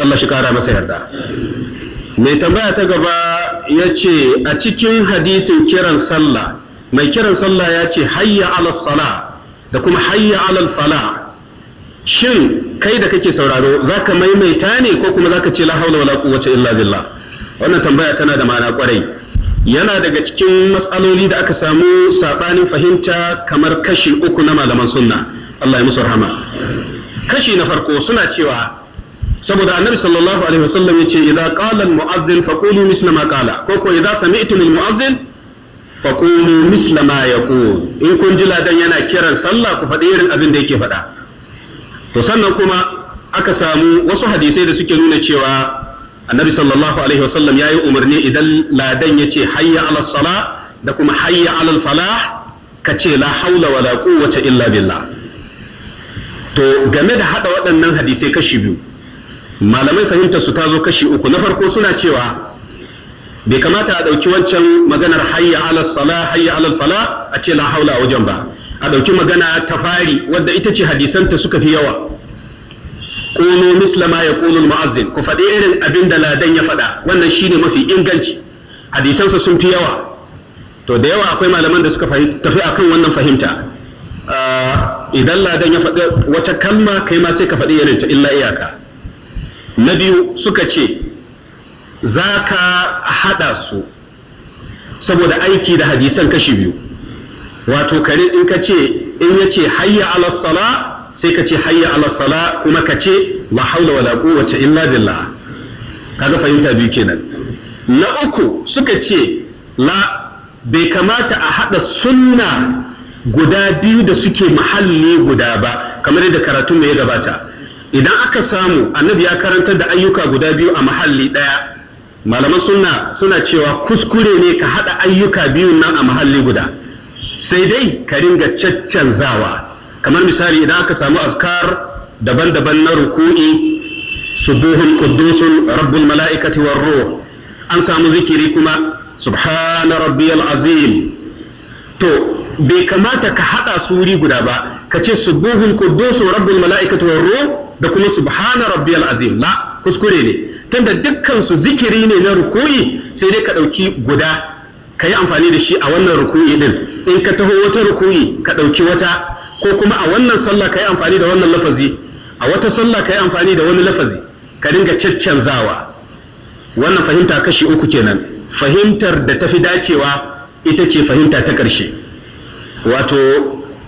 allah shi kara masa yarda mai tambaya ta gaba ya a cikin hadisin kiran sallah mai kiran sallah ya ce hayya alal sala da kuma hayya alal fala shin kai da kake sauraro zaka maimaita ne ko kuma za ka ce la haula wala quwwata illa billah wannan tambaya tana da ma'ana kwarai yana daga cikin matsaloli da aka samu sabanin fahimta kamar kashi uku na malaman sunna Allah ya musu rahama kashi na farko suna cewa saboda annabi sallallahu alaihi wasallam yace idza qala al-mu'adhdhin faqulu misla ma qala ko ko idza sami'tum al faqulu misla ma yaqul in kun ji ladan yana kiran sallah ku faɗi irin abin da yake faɗa to sannan kuma aka samu wasu hadisai da suke nuna cewa annabi sallallahu alaihi wasallam yayi umarni idan ladan yace hayya ala sala da kuma hayya ala falah kace la haula wala quwwata illa billah to game da hada waɗannan hadisai kashi biyu malamai fahimtar su ta zo kashi uku na farko suna cewa bai kamata a ɗauki wancan maganar hayya alal sala hayya alal fala a ce la haula a wajen ba a ɗauki magana ta fari wadda ita ce hadisanta suka fi yawa qulu misla ma yaqulu al mu'azzin ku faɗi irin abin da ladan ya faɗa wannan shine mafi inganci hadisansa sun fi yawa to da yawa akwai malaman da suka tafi akan wannan fahimta ah, idan ladan ya faɗi wata kalma kai ma sai ka faɗi irin ta illa iyaka na biyu suka ce za ka haɗa su saboda aiki da hadisan kashi biyu wato kare in ka ce in ya ce hayya ala sai ka ce hayya ala kuma ka ce la haula wala quwwata illa billah kaga fahimta biyu kenan na uku suka ce la bai kamata a haɗa sunna guda biyu da suke mahalli guda ba kamar yadda karatun mai ya gabata idan aka samu annabi ya karantar da ayyuka guda biyu a mahalli ɗaya malaman sunna suna cewa kuskure ne ka haɗa ayyuka biyun nan a mahalli guda sai dai ka ringa caccanzawa kamar misali idan aka samu askar daban-daban na ruku'i subuhun kuddusun, rabbul mala'ikati war ruh an samu zikiri kuma subhana rabbiyal azim to bai kamata ka haɗa su wuri guda ba ka ce subuhun kuddusun, rabbul mala'ikati war ruh da kuma subhana rabbiyal azim la kuskure ne tunda dukkan su zikiri ne na rukuyi sai dai ka ɗauki guda ka yi amfani da shi a wannan ruku'i din in ka taho wata rukuyi ka ɗauki wata ko kuma a wannan sallah ka yi amfani da wannan lafazi a wata sallah ka yi amfani da wani lafazi ka dinga caccanzawa wannan fahimta kashi uku kenan fahimtar da tafi dacewa ita ce fahimta ta ƙarshe wato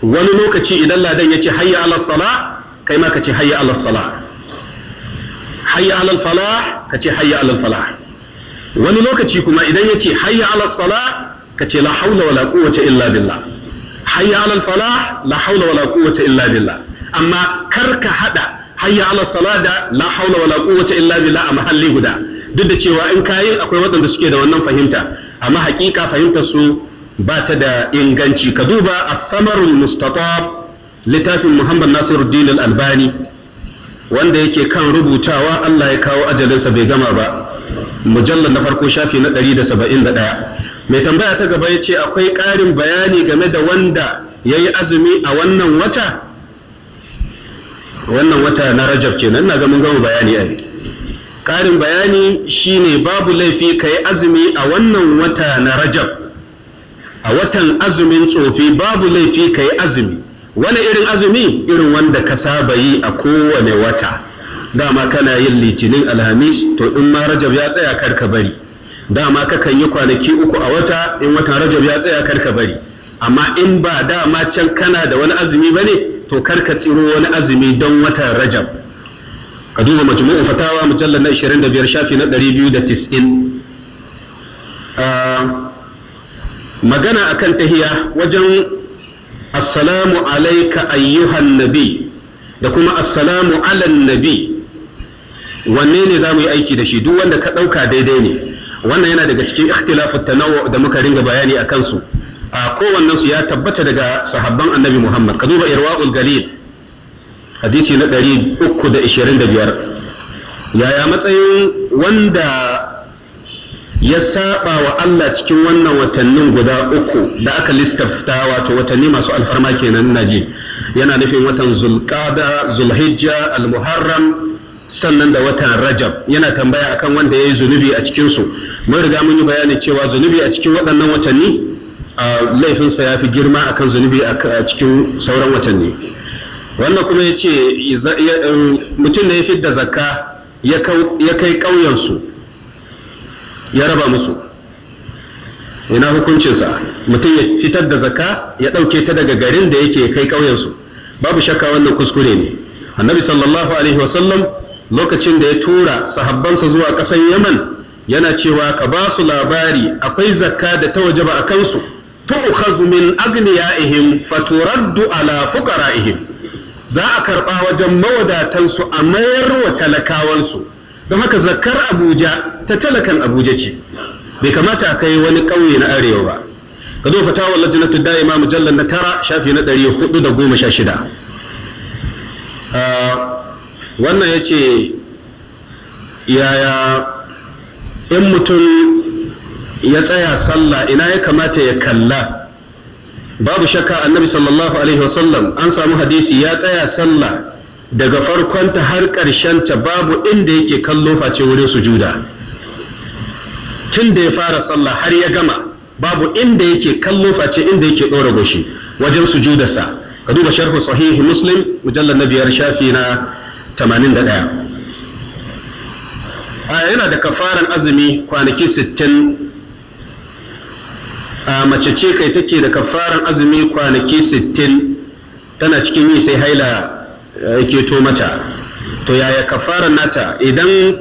wani lokaci idan ladan ya ce hayya ala sala kai ma ka ce hayya ala sala hayya alal falah ka ce hayya alal falah wani lokaci kuma idan ya ce hayya alal salah ka ce la haula wala quwwata illa billah hayya alal falah la haula wala quwwata illa billah amma kar ka hada hayya alal salah da la haula wala quwwata illa billah a mahalli guda duk da cewa in kayi akwai waɗanda suke da wannan fahimta amma hakika fahimtar su ba ta da inganci ka duba as-samarul mustatab littafin Muhammad Nasiruddin al-Albani wanda yake kan rubutawa Allah ya kawo ajalinsa bai gama ba mujallar na farko shafi na 171 mai tambaya ta gaba ya ce akwai ƙarin bayani game da wanda ya yi azumi a wannan wata wannan wata na rajab kenan na ga mun gama bayani a ƙarin bayani shine babu laifi ka yi azumi a wannan wata na rajab a watan azumin tsofi babu laifi ka yi azumi wani irin azumi irin wanda ka saba yi a kowane wata dama kana yin litinin alhamis to in ma rajab ya tsaya kar ka bari dama kakan yi kwanaki uku a wata in watan rajab ya tsaya kar ka bari amma in ba dama can kana da wani azumi bane to kar ka tsiro wani azumi don watan rajab ka duba majmu'u fatawa mujallar na 25 shafi na 290 ah, magana akan tahiya wajen assalamu alaika ayyuhan nabi da kuma assalamu alan nabi wanne ne za mu yi aiki da shi duk wanda ka ɗauka daidai ne wannan yana daga cikin ikhtilafu tanawu da muka ringa bayani a kansu a kowannen su ya tabbata daga sahabban annabi muhammad ka duba irwaul galil hadisi na 325 yaya matsayin wanda ya saba wa Allah cikin wannan watannin guda uku da aka listafta wato watanni masu alfarma kenan na ji yana nufin watan zulqada zulhijja almuharram sannan da watan rajab yana tambaya akan wanda ya yi zunubi a cikinsu mun riga mun yi bayani cewa zunubi a cikin waɗannan watanni laifinsa ya fi girma akan zunubi a cikin sauran watanni wannan kuma ya ce um, mutum da ya fidda zakka ya kai ƙauyensu ya raba musu ina hukuncinsa mutum ya fitar da zaka. ya ɗauke ta daga garin da yake kai ƙauyensu babu shakka wannan kuskure ne annabi sallallahu alaihi wasallam lokacin da ya tura sahabbansa zuwa ƙasar yaman yana cewa ka ba su labari akwai zakka da ta wajaba a kansu tu'khadhu min fa turaddu ala fuqara'ihim za a karɓa wajen mawadatansu a mayar wa talakawansu don haka Zakar abuja ta talakan abuja ce bai kamata a kai wani ƙauye na arewa ba ka zo fata wa da'ima mujallar na tara shafi na ɗari hudu da goma sha shida ah, wannan ya ce yaya in mutum ya tsaya sallah ina ya kamata ya kalla babu shakka annabi sallallahu alaihi wasallam an samu hadisi ya tsaya sallah daga farkonta har ta babu inda yake kallo face wurin sujuda tun da ya fara sallah har ya gama babu inda yake kallo face inda yake ɗora goshi wajen sujudarsa ka duba sharhu sahihi muslim mujallar na biyar shafi na 81 a yana da kafaran azumi kwanaki 60 a mace ce kai take da kafaran azumi kwanaki 60 tana cikin yi sai haila keto mata to yaya kafara nata idan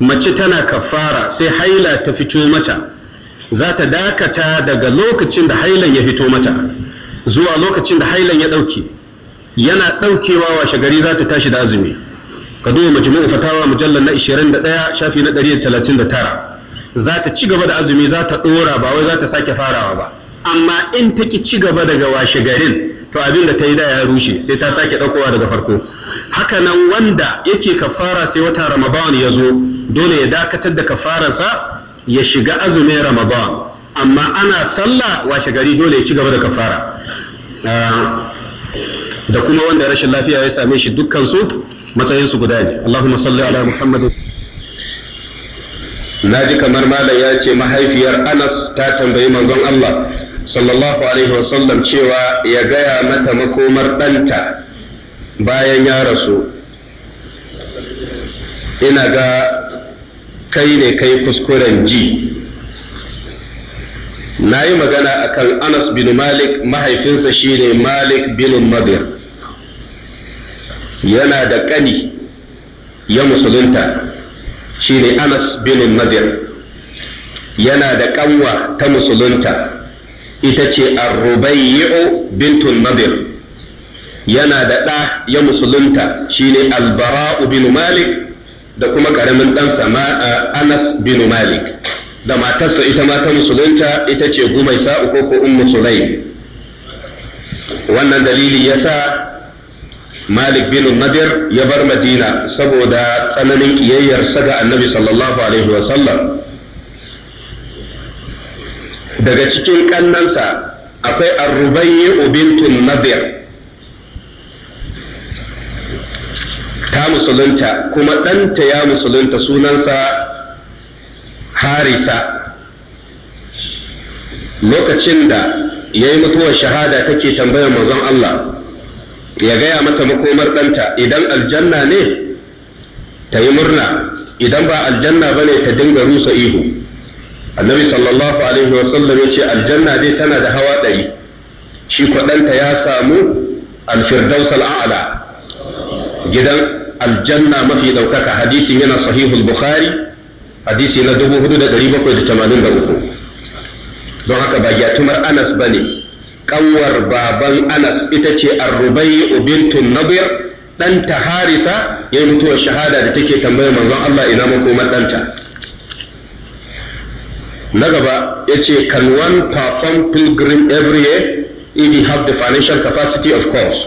mace tana kafara sai haila ta fito mata za ta dakata daga lokacin da hailan ya fito mata zuwa lokacin da hailan ya ɗauke yana ɗaukewa washe gari za ta tashi da azumi ka duba majmu'u fatawa mujallar na 21 shafi na 139 za ta ci gaba da azumi za ta ɗora ba wai za ta sake farawa ba amma in ta ki ci gaba daga washe garin to abin da ta yi da ya rushe sai ta sake ɗaukowa daga farko haka nan wanda yake kafara sai wata ramadan ya zo dole ya dakatar da kafararsa ya shiga azumin ramadan amma ana sallah washe gari dole ya ci gaba da kafara ah, da kuma wanda rashin lafiya ya same shi dukkan su matsayin su guda ne Allahumma salli ala Muhammad naji kamar malam ya ce mahaifiyar Anas ta tambayi manzon Allah sallallahu alaihi wasallam cewa ya gaya mata makomar ɗanta bayan ya rasu ina ga kai ne kai kuskuren ji na yi magana akan anas bin malik mahaifinsa shine malik bin madir yana da ƙani ya musulunta shine anas bin madir yana da ƙanwa ta musulunta ita ce arrubayyu bintun nadir yana da ɗa ya musulunta shine albara'u bin malik da kuma ƙaramin sama anas bin malik da matarsa ita ma ta musulunta ita ce gumai sa'u ko ko ummu sulaim wannan dalili yasa malik bin nadir ya bar madina saboda tsananin ƙiyayyarsa ga annabi sallallahu alaihi wasallam daga cikin ƙannansa akwai arrubayyi ubintun nadir ta musulunta kuma ɗanta ya musulunta sunansa harisa lokacin da ya yi mutuwar shahada take tambayar mazan Allah ya gaya mata makomar ɗanta idan aljanna ne ta yi murna idan ba aljanna ba ne ta dinga rusa ihu annabi sallallahu alaihi wa sallam ya ce aljanna dai tana da hawa ɗari shi kwaɗanta ya samu alfirdaus al'ala gidan aljanna mafi ɗaukaka hadisin yana sahihul bukhari hadisi na 4783 don haka ba gyatumar anas ba ne ƙanwar baban anas ita ce arrubai ubintun nabir ɗanta harisa ya yi mutuwar shahada da take tambayar manzon allah ina makomar ɗanta na gaba ya ce can one perform pilgrim every year if he have the financial capacity of course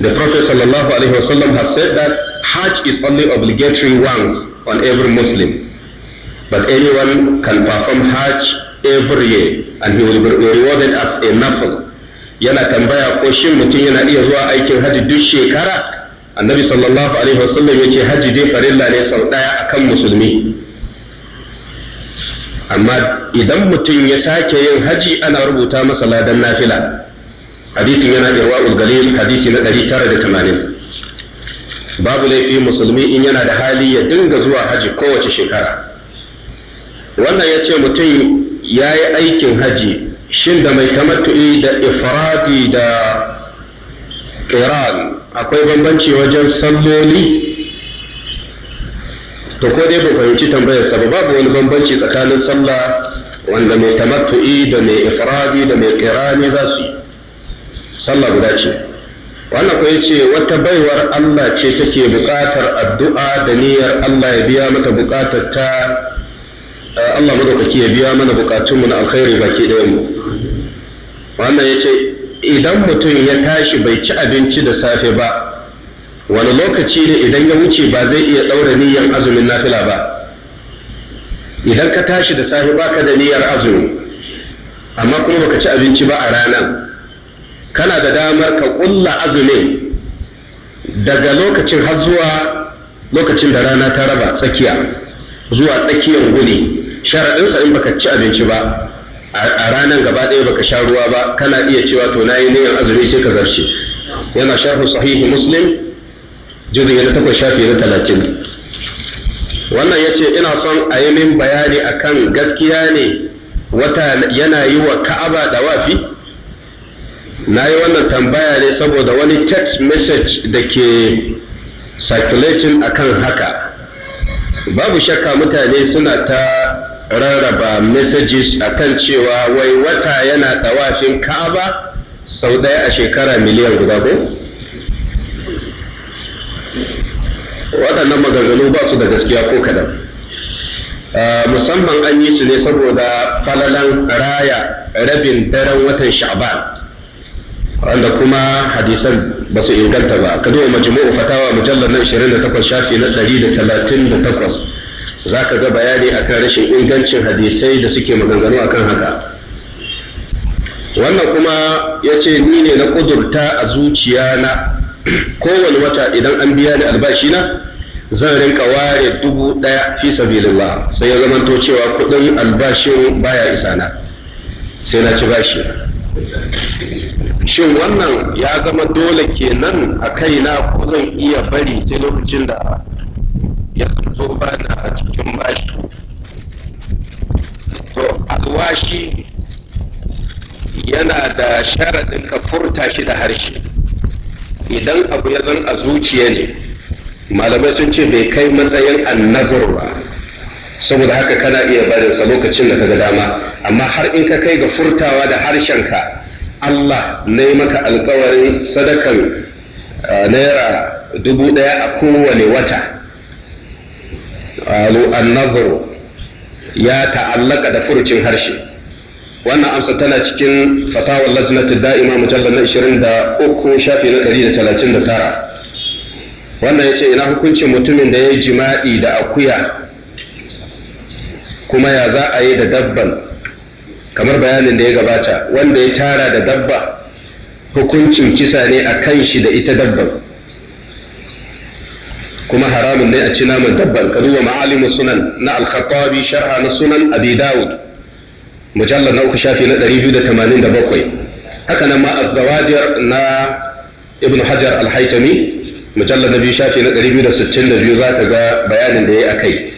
the prophet sallallahu alaihi wasallam has said that hajj is only obligatory once on every muslim but anyone can perform hajj every year and he will be rewarded as a nafil yana tambaya ko shin mutum yana iya zuwa aikin hajji duk shekara annabi sallallahu alaihi wasallam ya ce hajji dai farilla ne sau daya akan musulmi amma idan mutum ya sake yin haji ana rubuta masa ladan nafila hadisin yana irwa'ul galil hadisi na 980 babu laifi musulmi in yana da hali ya dinga zuwa haji kowace shekara wannan ya ce mutum ya yi aikin haji shin da mai tamattu'i da ifradi da qiran akwai bambanci wajen salloli to ko dai bai fahimci tambayar sa ba babu wani bambanci tsakanin sallah wanda mai tamattu'i da mai ifradi da mai qirani za su yi sallah guda ce wannan ko yace wata baiwar Allah ce take buƙatar addu'a da niyyar Allah ya biya mata buƙatar ta eh, Allah madaukaki ya biya mana buƙatunmu na alkhairi baki ɗayan mu wannan yace idan mutum ya tashi bai ci abinci da safe ba wani lokaci ne idan ya wuce ba zai iya ɗaura niyyar azumin nafila ba idan ka tashi da safe baka da niyyar azumi amma kuma baka ci abinci ba a ranar kana da damar ka ƙulla azumin daga lokacin har zuwa lokacin da rana ta raba tsakiya zuwa tsakiyar guni sharaɗinsa in baka ci abinci ba a ranar gaba ɗaya baka sha ruwa ba kana iya cewa to na yi niyyar azumi sai ka zarce yana sharhu sahihi muslim juzi na takwas shafi na talatin wannan ya ce ina son a yi min bayani a kan gaskiya ne wata yana yi wa ka'aba da wafi na yi wannan tambaya ne saboda wani text message da ke circulating akan haka babu shakka mutane suna ta rarraba messages kan cewa wai wata yana tsawafin ka'aba sau ɗaya a shekara miliyan guda ko? waɗannan maganganu ba su da gaskiya ko kadan ah, musamman an yi su ne saboda falalan raya rabin daren watan sha'ban wanda kuma hadisan ba su inganta ba ka duba majmu'u fatawa mujallar na 28 shafi na 138 za ka ga bayani akan rashin ingancin hadisai da suke maganganu akan haka wannan kuma ya ce ni ne na ƙudurta a zuciya na kowane wata idan an biya ni albashina, zan rinka ware dubu ɗaya fi sabilillah sai ya to cewa kuɗin albashin baya isa na, sai na ci bashi shin wannan ya zama dole kenan a kaina ko zan iya bari sai lokacin da ya zo bana a cikin bashi to alwashi yana da sharaɗin ka furta shi da harshe idan abu ya zan a zuciya ne malamai sun ce bai kai matsayin annazar ba saboda haka kana iya barinsa lokacin da kaga dama amma har in ka kai ga furtawa da harshenka Allah na yi maka alkawarin sadakan naira dubu ɗaya a kowane wata annazar ya ta'allaka da furucin harshe wannan amsa tana cikin fatawar lajnati da'ima mujallar na 23 shafi na 139 wannan ya ce ina hukuncin mutumin da ya yi jima'i da akuya kuma ya za a yi da dabban kamar bayanin da ya gabata wanda ya tara da dabba hukuncin kisa ne a kan shi da ita dabban kuma haramun ne a ci naman dabban ka duba ma'alimu sunan na alkhattabi sharha na sunan abi dawud mujallar na uku shafi na ɗari biyu bakwai haka nan ma zawajiyar na ibn hajar alhaitami mujallar na biyu shafi na ɗari biyu da da sittin biyu. za ka ga bayanin da ya yi a kai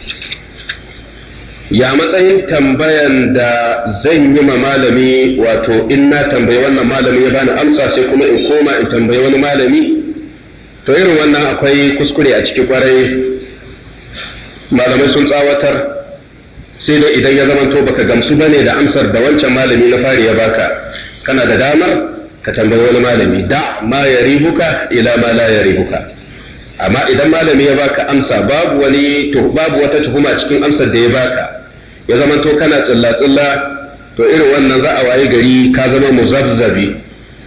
ya matsayin tambayan da zan yi ma malami wato in na tambayi wannan malami ya bani amsa sai kuma in koma in tambayi wani malami to irin wannan akwai kuskure a ciki kwarai malamai sun tsawatar sai dai idan ya zamanto baka gamsu bane da amsar da wancan malami na fari ya baka kana da damar ka tambayi wani malami da ma ya ribuka ila ma la ya ribuka amma idan malami ya baka amsa babu wani babu wata tuhuma cikin amsar da ya baka ya zamanto kana tsilla tsilla to irin wannan za a waye gari ka zama muzabzabi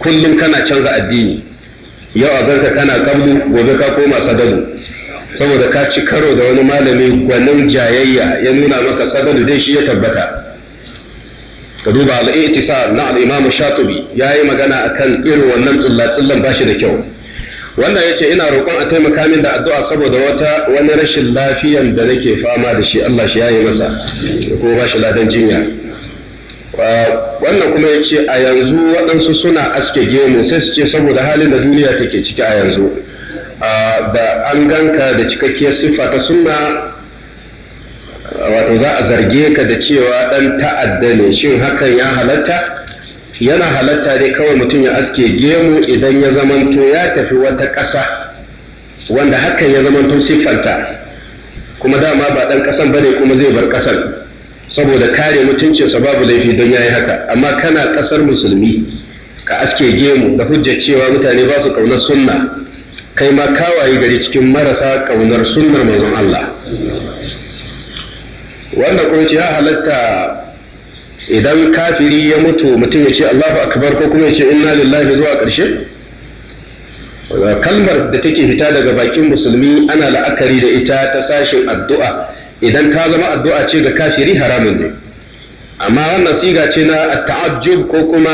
kullum kana canza addini yau a garka kana kablu gobe ka koma sadalu saboda ka ci karo da wani malami gwanin jayayya ya nuna maka da dai shi ya tabbata ka duba al'i'tisa na al'imam shatubi ya yi magana a kan irin wannan tsullatsullan ba shi da kyau wanda ya ce ina roƙon a taimaka min da addu'a saboda wata wani rashin lafiyan da nake fama da shi Allah shi ya yi masa ko ba shi ladan jinya wannan kuma ya ce a yanzu waɗansu suna aske gemu sai su ce saboda halin da duniya take ciki a yanzu da an ganka da cikakkiyar siffa ta sunna wato za a zarge ka da cewa ɗan ta'adda ne shin hakan ya halatta yana halatta ne kawai mutum ya aske gemu idan ya zamanto ya tafi wata ƙasa wanda hakan ya zamanto siffanta kuma dama ba ɗan ƙasan bane kuma zai bar ƙasan saboda kare mutuncinsa babu laifi don ya yi haka amma kana ƙasar musulmi ka aske gemu da hujjar cewa mutane ba su ƙaunar sunna kai ma kawaye gari cikin marasa ƙaunar sunnar manzon Allah wanda ko ya halatta idan kafiri ya mutu mutum ya ce Allahu akbar ko kuma ya ce inna lillahi zuwa karshe? kalmar da take fita daga bakin musulmi ana la'akari da ita ta sashin addu'a idan ta zama addu'a ce ga kafiri haramun ne amma wannan siga ce na ta'ajjub ko kuma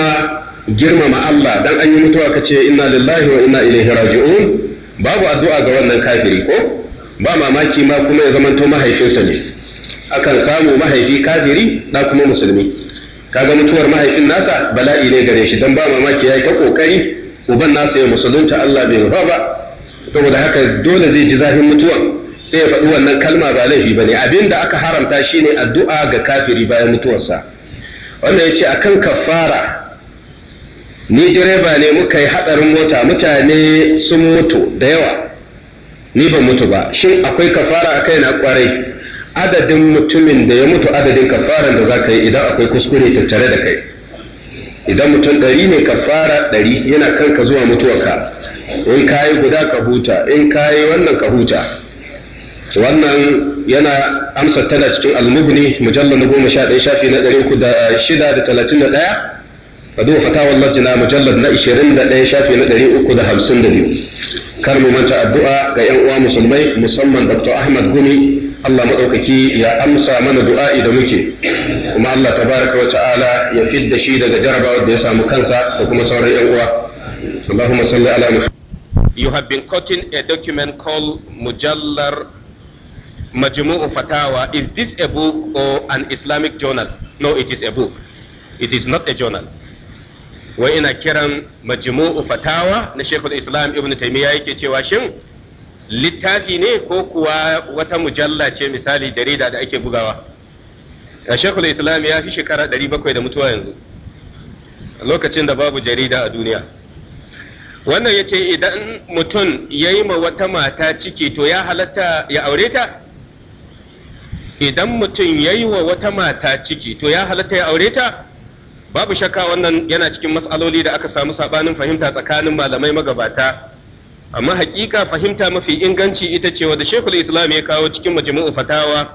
girmama Allah dan an yi mutuwa kace inna lillahi wa inna ilaihi raji'un babu addu'a ga wannan kafiri ko ba mamaki ma kuma ya zamanto mahaifinsa ne akan samu mahaifi kafiri da kuma musulmi kaga mutuwar mahaifin nasa bala'i ne gare shi dan ba mamaki ya yi ta kokari uban nasa ya musulunta Allah bai rufa ba saboda haka dole zai ji zafin mutuwan sai ya faɗi wannan kalma ba laifi ba ne abin da aka haramta shine addu'a ga kafiri bayan mutuwarsa wannan ya ce akan kafara ni direba ne muka yi haɗarin mota mutane sun mutu da yawa ni ban mutu ba shin akwai kafara a kai na kwarai adadin mutumin da ya mutu adadin kafaran da za ka yi idan akwai kuskure tattare da kai idan mutum ɗari ne kafara ɗari yana kanka zuwa mutuwarka in ka yi guda ka huta in ka yi wannan ka huta wannan yana amsa tana cikin almubni mujallar na goma sha ɗaya shafi na ɗari shida da talatin da ɗaya ka duba fatawar lajina mujallad na 21 shafi na 352 kar mu manta addu'a ga yan uwa musulmai musamman dr ahmad gumi Allah maɗaukaki ya amsa mana du'a idan muke kuma Allah tabaraka wa ta'ala ya fidda shi daga jarabawar da ya samu kansa da kuma sauran yan uwa Allahumma salli ala You have been quoting a document called Mujallar Majmu'u Fatawa. Is this a book or an Islamic journal? No, it is a book. It is not a journal. wa ina kiran majmu'u fatawa na Sheikhul Islam Ibn Taymiyyah yake cewa shin littafi ne ko kuwa wata mujalla ce misali jarida da ake bugawa a Sheikhul Islam ya fi shekara 700 da mutuwa yanzu lokacin da babu jarida a duniya wannan yace ce idan mutum yayi ma wata mata ciki to ya halatta ya aure idan mutum yayi wa wata mata ciki to ya halatta ya aure ta babu shakka wannan yana cikin matsaloli da aka samu sabanin fahimta tsakanin malamai magabata amma hakika fahimta mafi inganci ita ce wadda shekul islam ya kawo cikin majmu'u fatawa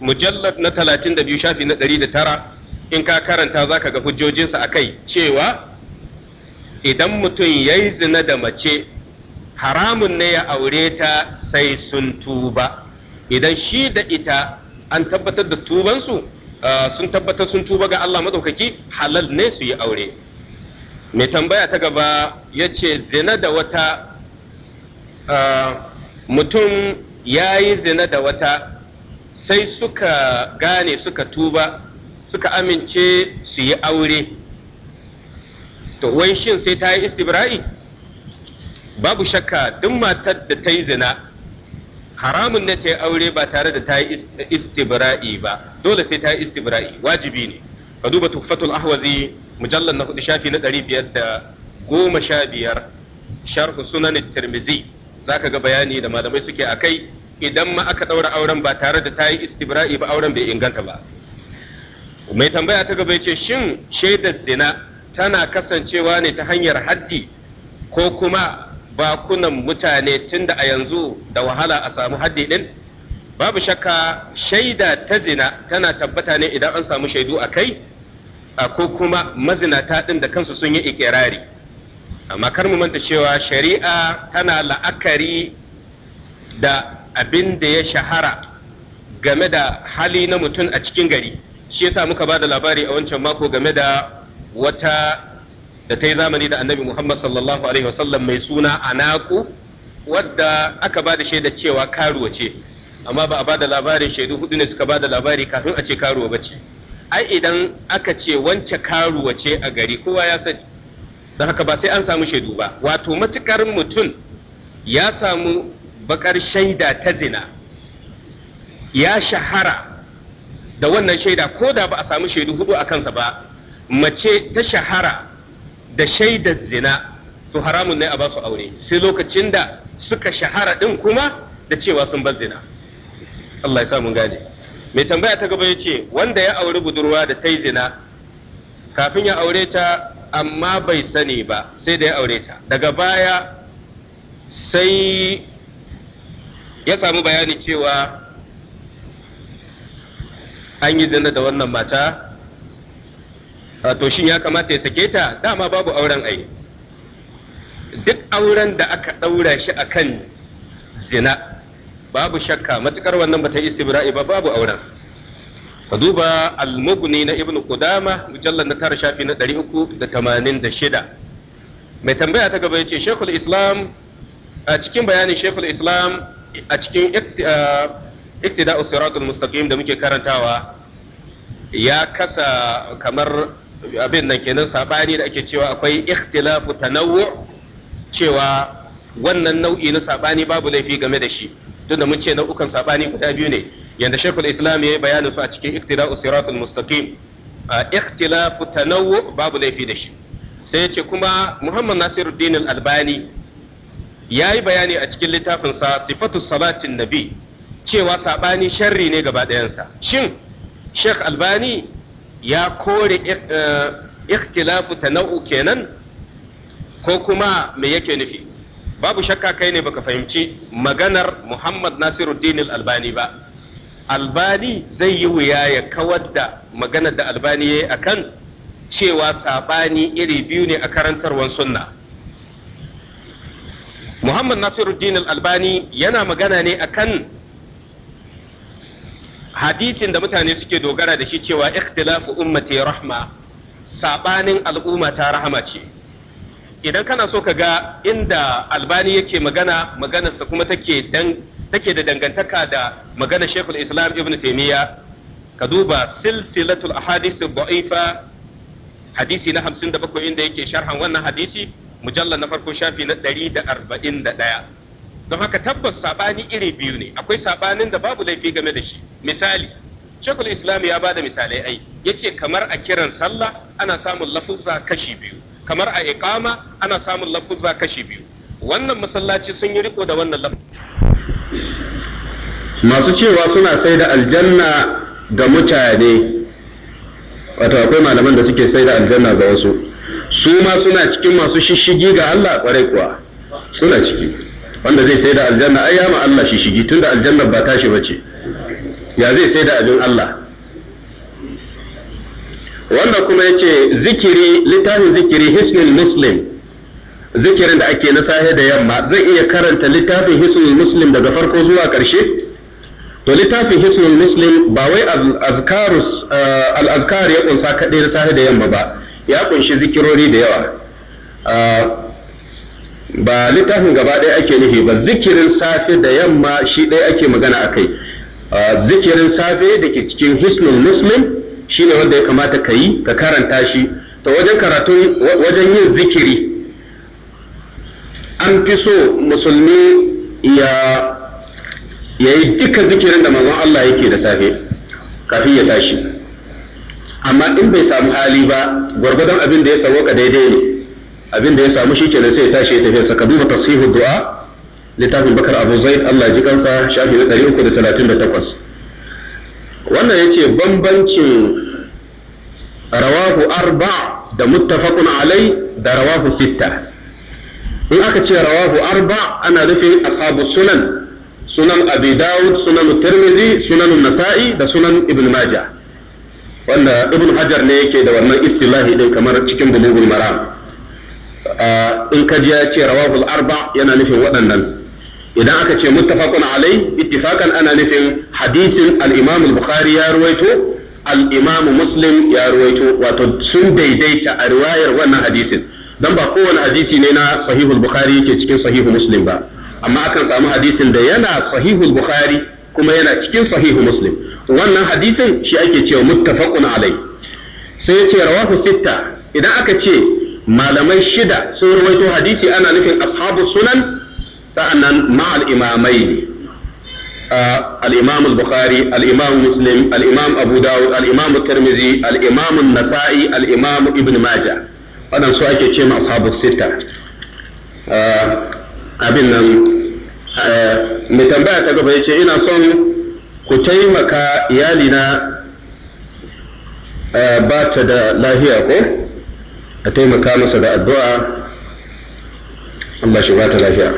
mujallad na 32 shafi na 109 in ka karanta zaka ga hujjojinsa akai cewa idan mutum ya yi zina da mace haramun ne ya aure ta sai sun tuba idan shi da ita an tabbatar da tubansu Ah, sun tabbatar sun tuba ga Allah madaukaki halal ne su yi aure mai tambaya ta gaba ya ce zina da wata ah, mutum ya yi zina da wata sai suka gane suka tuba suka amince su yi aure to wai shin sai ta yi istibra'i babu shakka duk matar da ta yi zina haramun ne ta yi aure ba tare da ta yi istibra'i ba dole sai ta yi istibra'i wajibi ne ka duba tufatul ahwazi mujallar na hudu shafi na ɗari biyar da goma sha biyar sharhu sunan tirmizi za ka ga bayani da malamai suke a kai idan ma aka ɗaura auren ba tare da ta yi istibra'i ba auren bai inganta ba mai tambaya ta gaba ce shin shaidar zina tana kasancewa ne ta hanyar haddi ko kuma bakunan mutane tun da a yanzu da wahala a samu haddi ɗin babu shakka shaida ta zina tana tabbata ne idan an samu shaidu a kai ko kuma mazinata ɗin da kansu sun yi ikirari amma kar mu manta cewa shari'a tana la'akari da abin da ya shahara game da hali na mutum a cikin gari shi yasa muka ba da labari a wancan mako game da wata da ta yi zamani da annabi Muhammad sallallahu alaihi wasallam mai suna anaku wadda aka ba da shaida cewa karuwa ce amma ba a ba da labarin shaidu hudu ne suka ba da labari kafin a ce karuwa ba ce ai idan aka ce wance karuwa ce a gari kowa ya sani don haka ba sai an samu shaidu ba wato matukar mutum ya samu bakar shaida ta zina ya shahara da wannan shaida ko da ba a samu shaidu hudu a kansa ba mace ta shahara da shaidar zina to haramun ne a ba su aure sai lokacin da suka shahara din kuma da cewa sun bar zina Allah ya sa mun gane mai tambaya ta gaba yace wanda ya auri budurwa da ta yi zina kafin ya aure ta amma bai sani ba sai da ya aure ta daga baya sai ya samu bayani cewa an yi zina da wannan mata to shin ya kamata ya sake ta dama babu auren ai duk auren da aka ɗaura shi akan zina babu shakka matukar wannan bata yi istibra'i ba babu auren ka duba al-mughni na ibnu kudama mujallal na tara shafi na 386 mai tambaya ta gaba yace shekul islam a cikin bayanin shekul islam a cikin iktida'u siratul mustaqim da muke karantawa ya kasa kamar abin nan kenan sabani da ake cewa akwai ikhtilafu tanawwu cewa wannan nau'i na sabani babu laifi game da shi tunda mun ce nau'ukan sabani guda biyu ne yanda shekul islam ya yi bayanin su a cikin iktida'u siratul mustaqim ikhtilafu tanawwu babu laifi da shi sai yace kuma muhammad nasiruddin al-albani ya yi bayani a cikin littafinsa sifatu salatin nabi cewa sabani sharri ne gaba ɗayansa shin sheikh albani ya kore eh, ikhtilafu nau'u kenan ko kuma me yake nufi babu shakka kai ne baka fahimci maganar Muhammad Nasiruddin Al-Albani ba Albani zai yi wuya ya kawar da maganar da Albani yayi akan cewa sabani iri biyu ne a karantarwar sunna Muhammad Nasiruddin Al-Albani yana magana ne akan hadisin da mutane suke dogara da shi cewa ikhtilafu ummati rahma sabanin al'umma ta rahama ce idan kana so ka ga inda albani yake magana maganarsa kuma take dan take da dangantaka da maganar shekul islam ibn taimiyya ka duba silsilatul ahadith da'ifa hadisi na 57 inda yake sharhan wannan hadisi mujallal na farko shafi na 141 don haka tabbas sabani iri biyu ne akwai sabanin da babu laifi game da shi misali shekul islam ya bada misalai ai yace kamar a kiran sallah ana samun lafuzza kashi biyu kamar a iqama ana samun lafuzza kashi biyu wannan masallaci sun yi riko da wannan lafuzza masu cewa suna sai da aljanna ga mutane wato akwai malaman da suke sai da aljanna ga wasu su ma suna cikin masu shishigi ga Allah kwarai kuwa suna ciki wanda zai sai da aljanna ai ya ma Allah shi shigi tunda aljanna ba tashi bace ya zai sai da abin Allah wanda kuma yace zikiri littafin zikiri hisnul muslim zikirin da ake na sahe da yamma zai iya karanta littafin hisnul muslim daga farko zuwa karshe to littafin hisnul muslim ba wai eh, al-azkar ya kunsa kaɗai na sahe da yamma ba ya kunshi zikirori da yawa eh, ba littafin gaba ɗaya ake nufi ba zikirin safe da yamma shi ɗaya ake magana a kai zikirin safe da ke cikin hisnun muslim shi ne wanda ya kamata ka yi ka karanta shi ta wajen karatu, wajen yin zikiri an fi so musulmi ya yi duka zikirin da manzon Allah yake da safe kafin ya tashi amma in bai samu hali ba gwargwadon abin da ya sauka daidai ne abin da ya samu shi kenan sai ya tashi ya tafi sa ka duba tasihu du'a littafin bakar abu zaid Allah ji kansa shafi na takwas. wannan yace bambancin rawahu arba da muttafaqun alai da rawahu sitta in aka ce rawahu arba ana nufin ashabu sunan sunan abi dawud sunan tirmidhi sunan nasa'i da sunan ibn majah wanda ibn hajar ne yake da wannan istilahi din kamar cikin bulugul maram Eh, in ka ji ya ce rawahul arba yana nufin waɗannan idan aka ce muttafaqun alai ittifakan ana nufin hadisin al-imam al-bukhari ya ruwaito al-imam muslim ya ruwaito wato sun daidaita a riwayar wannan hadisin dan ba kowane hadisi ne na sahihul bukhari yake cikin sahihu muslim ba amma akan samu hadisin da yana sahihul bukhari kuma yana cikin sahihu muslim wannan hadisin shi ake cewa muttafaqun alai sai ya ce rawahu sitta idan aka ce malamai shida sun rawaito hadisi ana nufin ashabu sunan sa'annan ma imamai al-imam al-bukhari al-imam muslim al-imam abu dawud al-imam tirmidhi al-imam an-nasa'i al-imam ibn majah wannan su ake ce ma ashabu sita abin nan mai tambaya ta gaba yace ina son ku taimaka iyalina ba ta da lahiya ko a taimaka masa da addu'a Allah shi ba ta lafiya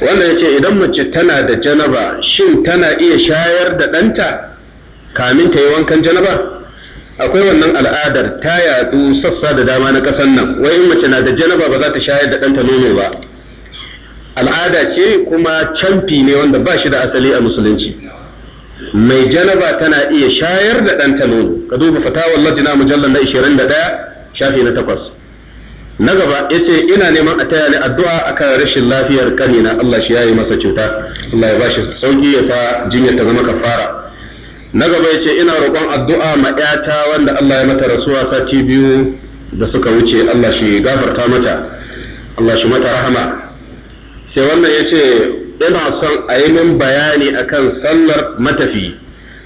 wanda ya ce idan mace tana da janaba shin tana iya shayar da ɗanta kamin ta yi wankan janaba akwai wannan al'adar ta yadu, sassa da dama na ƙasan nan wai in mace na da janaba ba za ta shayar da ɗanta nono ba al'ada ce kuma camfi ne wanda ba shi da asali a musulunci mai janaba tana iya shayar da ɗanta nono ka duba fatawar lajina mujallar na 21 shafi na takwas na gaba ya ce ina neman a taya ni addu'a akan rashin lafiyar kanina Allah shi yayi masa cuta Allah ya bashi sauki ya fa jinya ta zama kafara na gaba ya ce ina roƙon addu'a ma ƴata wanda Allah ya mata rasuwa sati biyu da suka wuce Allah shi gafarta mata Allah shi mata rahama sai wannan ya ce ina son a yi min bayani akan sallar matafi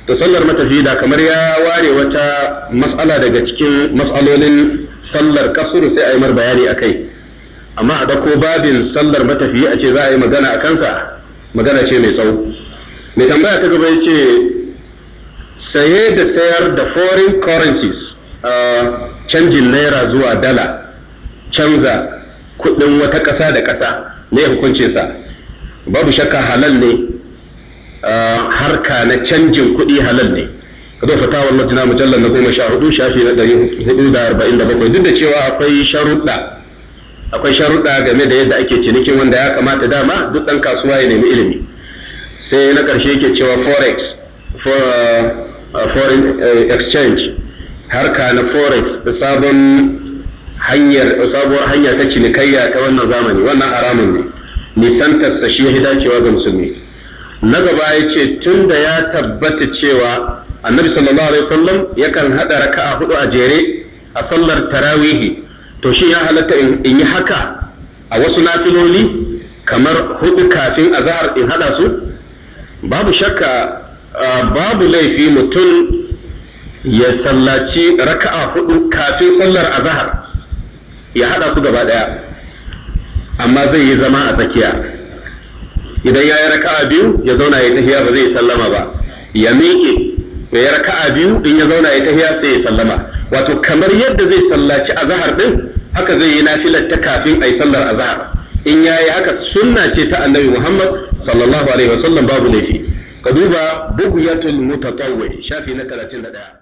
Da sallar matafi da kamar ya ware wata matsala daga cikin matsalolin sallar kasuru sai a yi mar bayani a kai amma a dako babin sallar matafi a ce za a yi magana a kansa magana ce mai tsawo mai tambaya ta gaba ce saye da sayar da foreign currencies a canjin naira zuwa dala canza kudin wata ƙasa da ƙasa ne hukuncinsa babu shakka halal ne harka na canjin kuɗi halal ne ka zo wa majina mujallar na goma sha hudu shafi na ɗari hudu da arba'in da bakwai duk da cewa akwai sharuɗa akwai sharuɗa game da yadda ake cinikin wanda ya kamata dama duk ɗan kasuwa ya nemi ilimi sai na ƙarshe yake cewa forex foreign exchange harka na forex sabon hanyar sabuwar hanya ta cinikayya ta wannan zamani wannan haramun ne nisan shi ya dacewa ga musulmi na gaba ya ce tun da ya tabbata cewa annabi sallallahu alaihi wasallam yakan haɗa raka'a hudu a jere a sallar tarawihi to shi ya halatta in yi haka a wasu nafiloli kamar hudu kafin azahar in haɗa su babu shakka babu laifi mutum ya sallaci raka'a hudu kafin sallar azahar ya haɗa su gaba ɗaya amma zai yi zama a tsakiya idan ya yi raka'a biyu ya zauna ya tahiya ba zai sallama ba ya miƙe ya yi raka'a biyu in ya zauna ya tahiya sai ya sallama wato kamar yadda zai sallaci azahar din haka zai yi nafilar ta kafin a yi sallar azahar in ya yi haka sunna ce ta annabi muhammad sallallahu alaihi wasallam babu laifi ka duba bugiyatul mutatawwi shafi na 31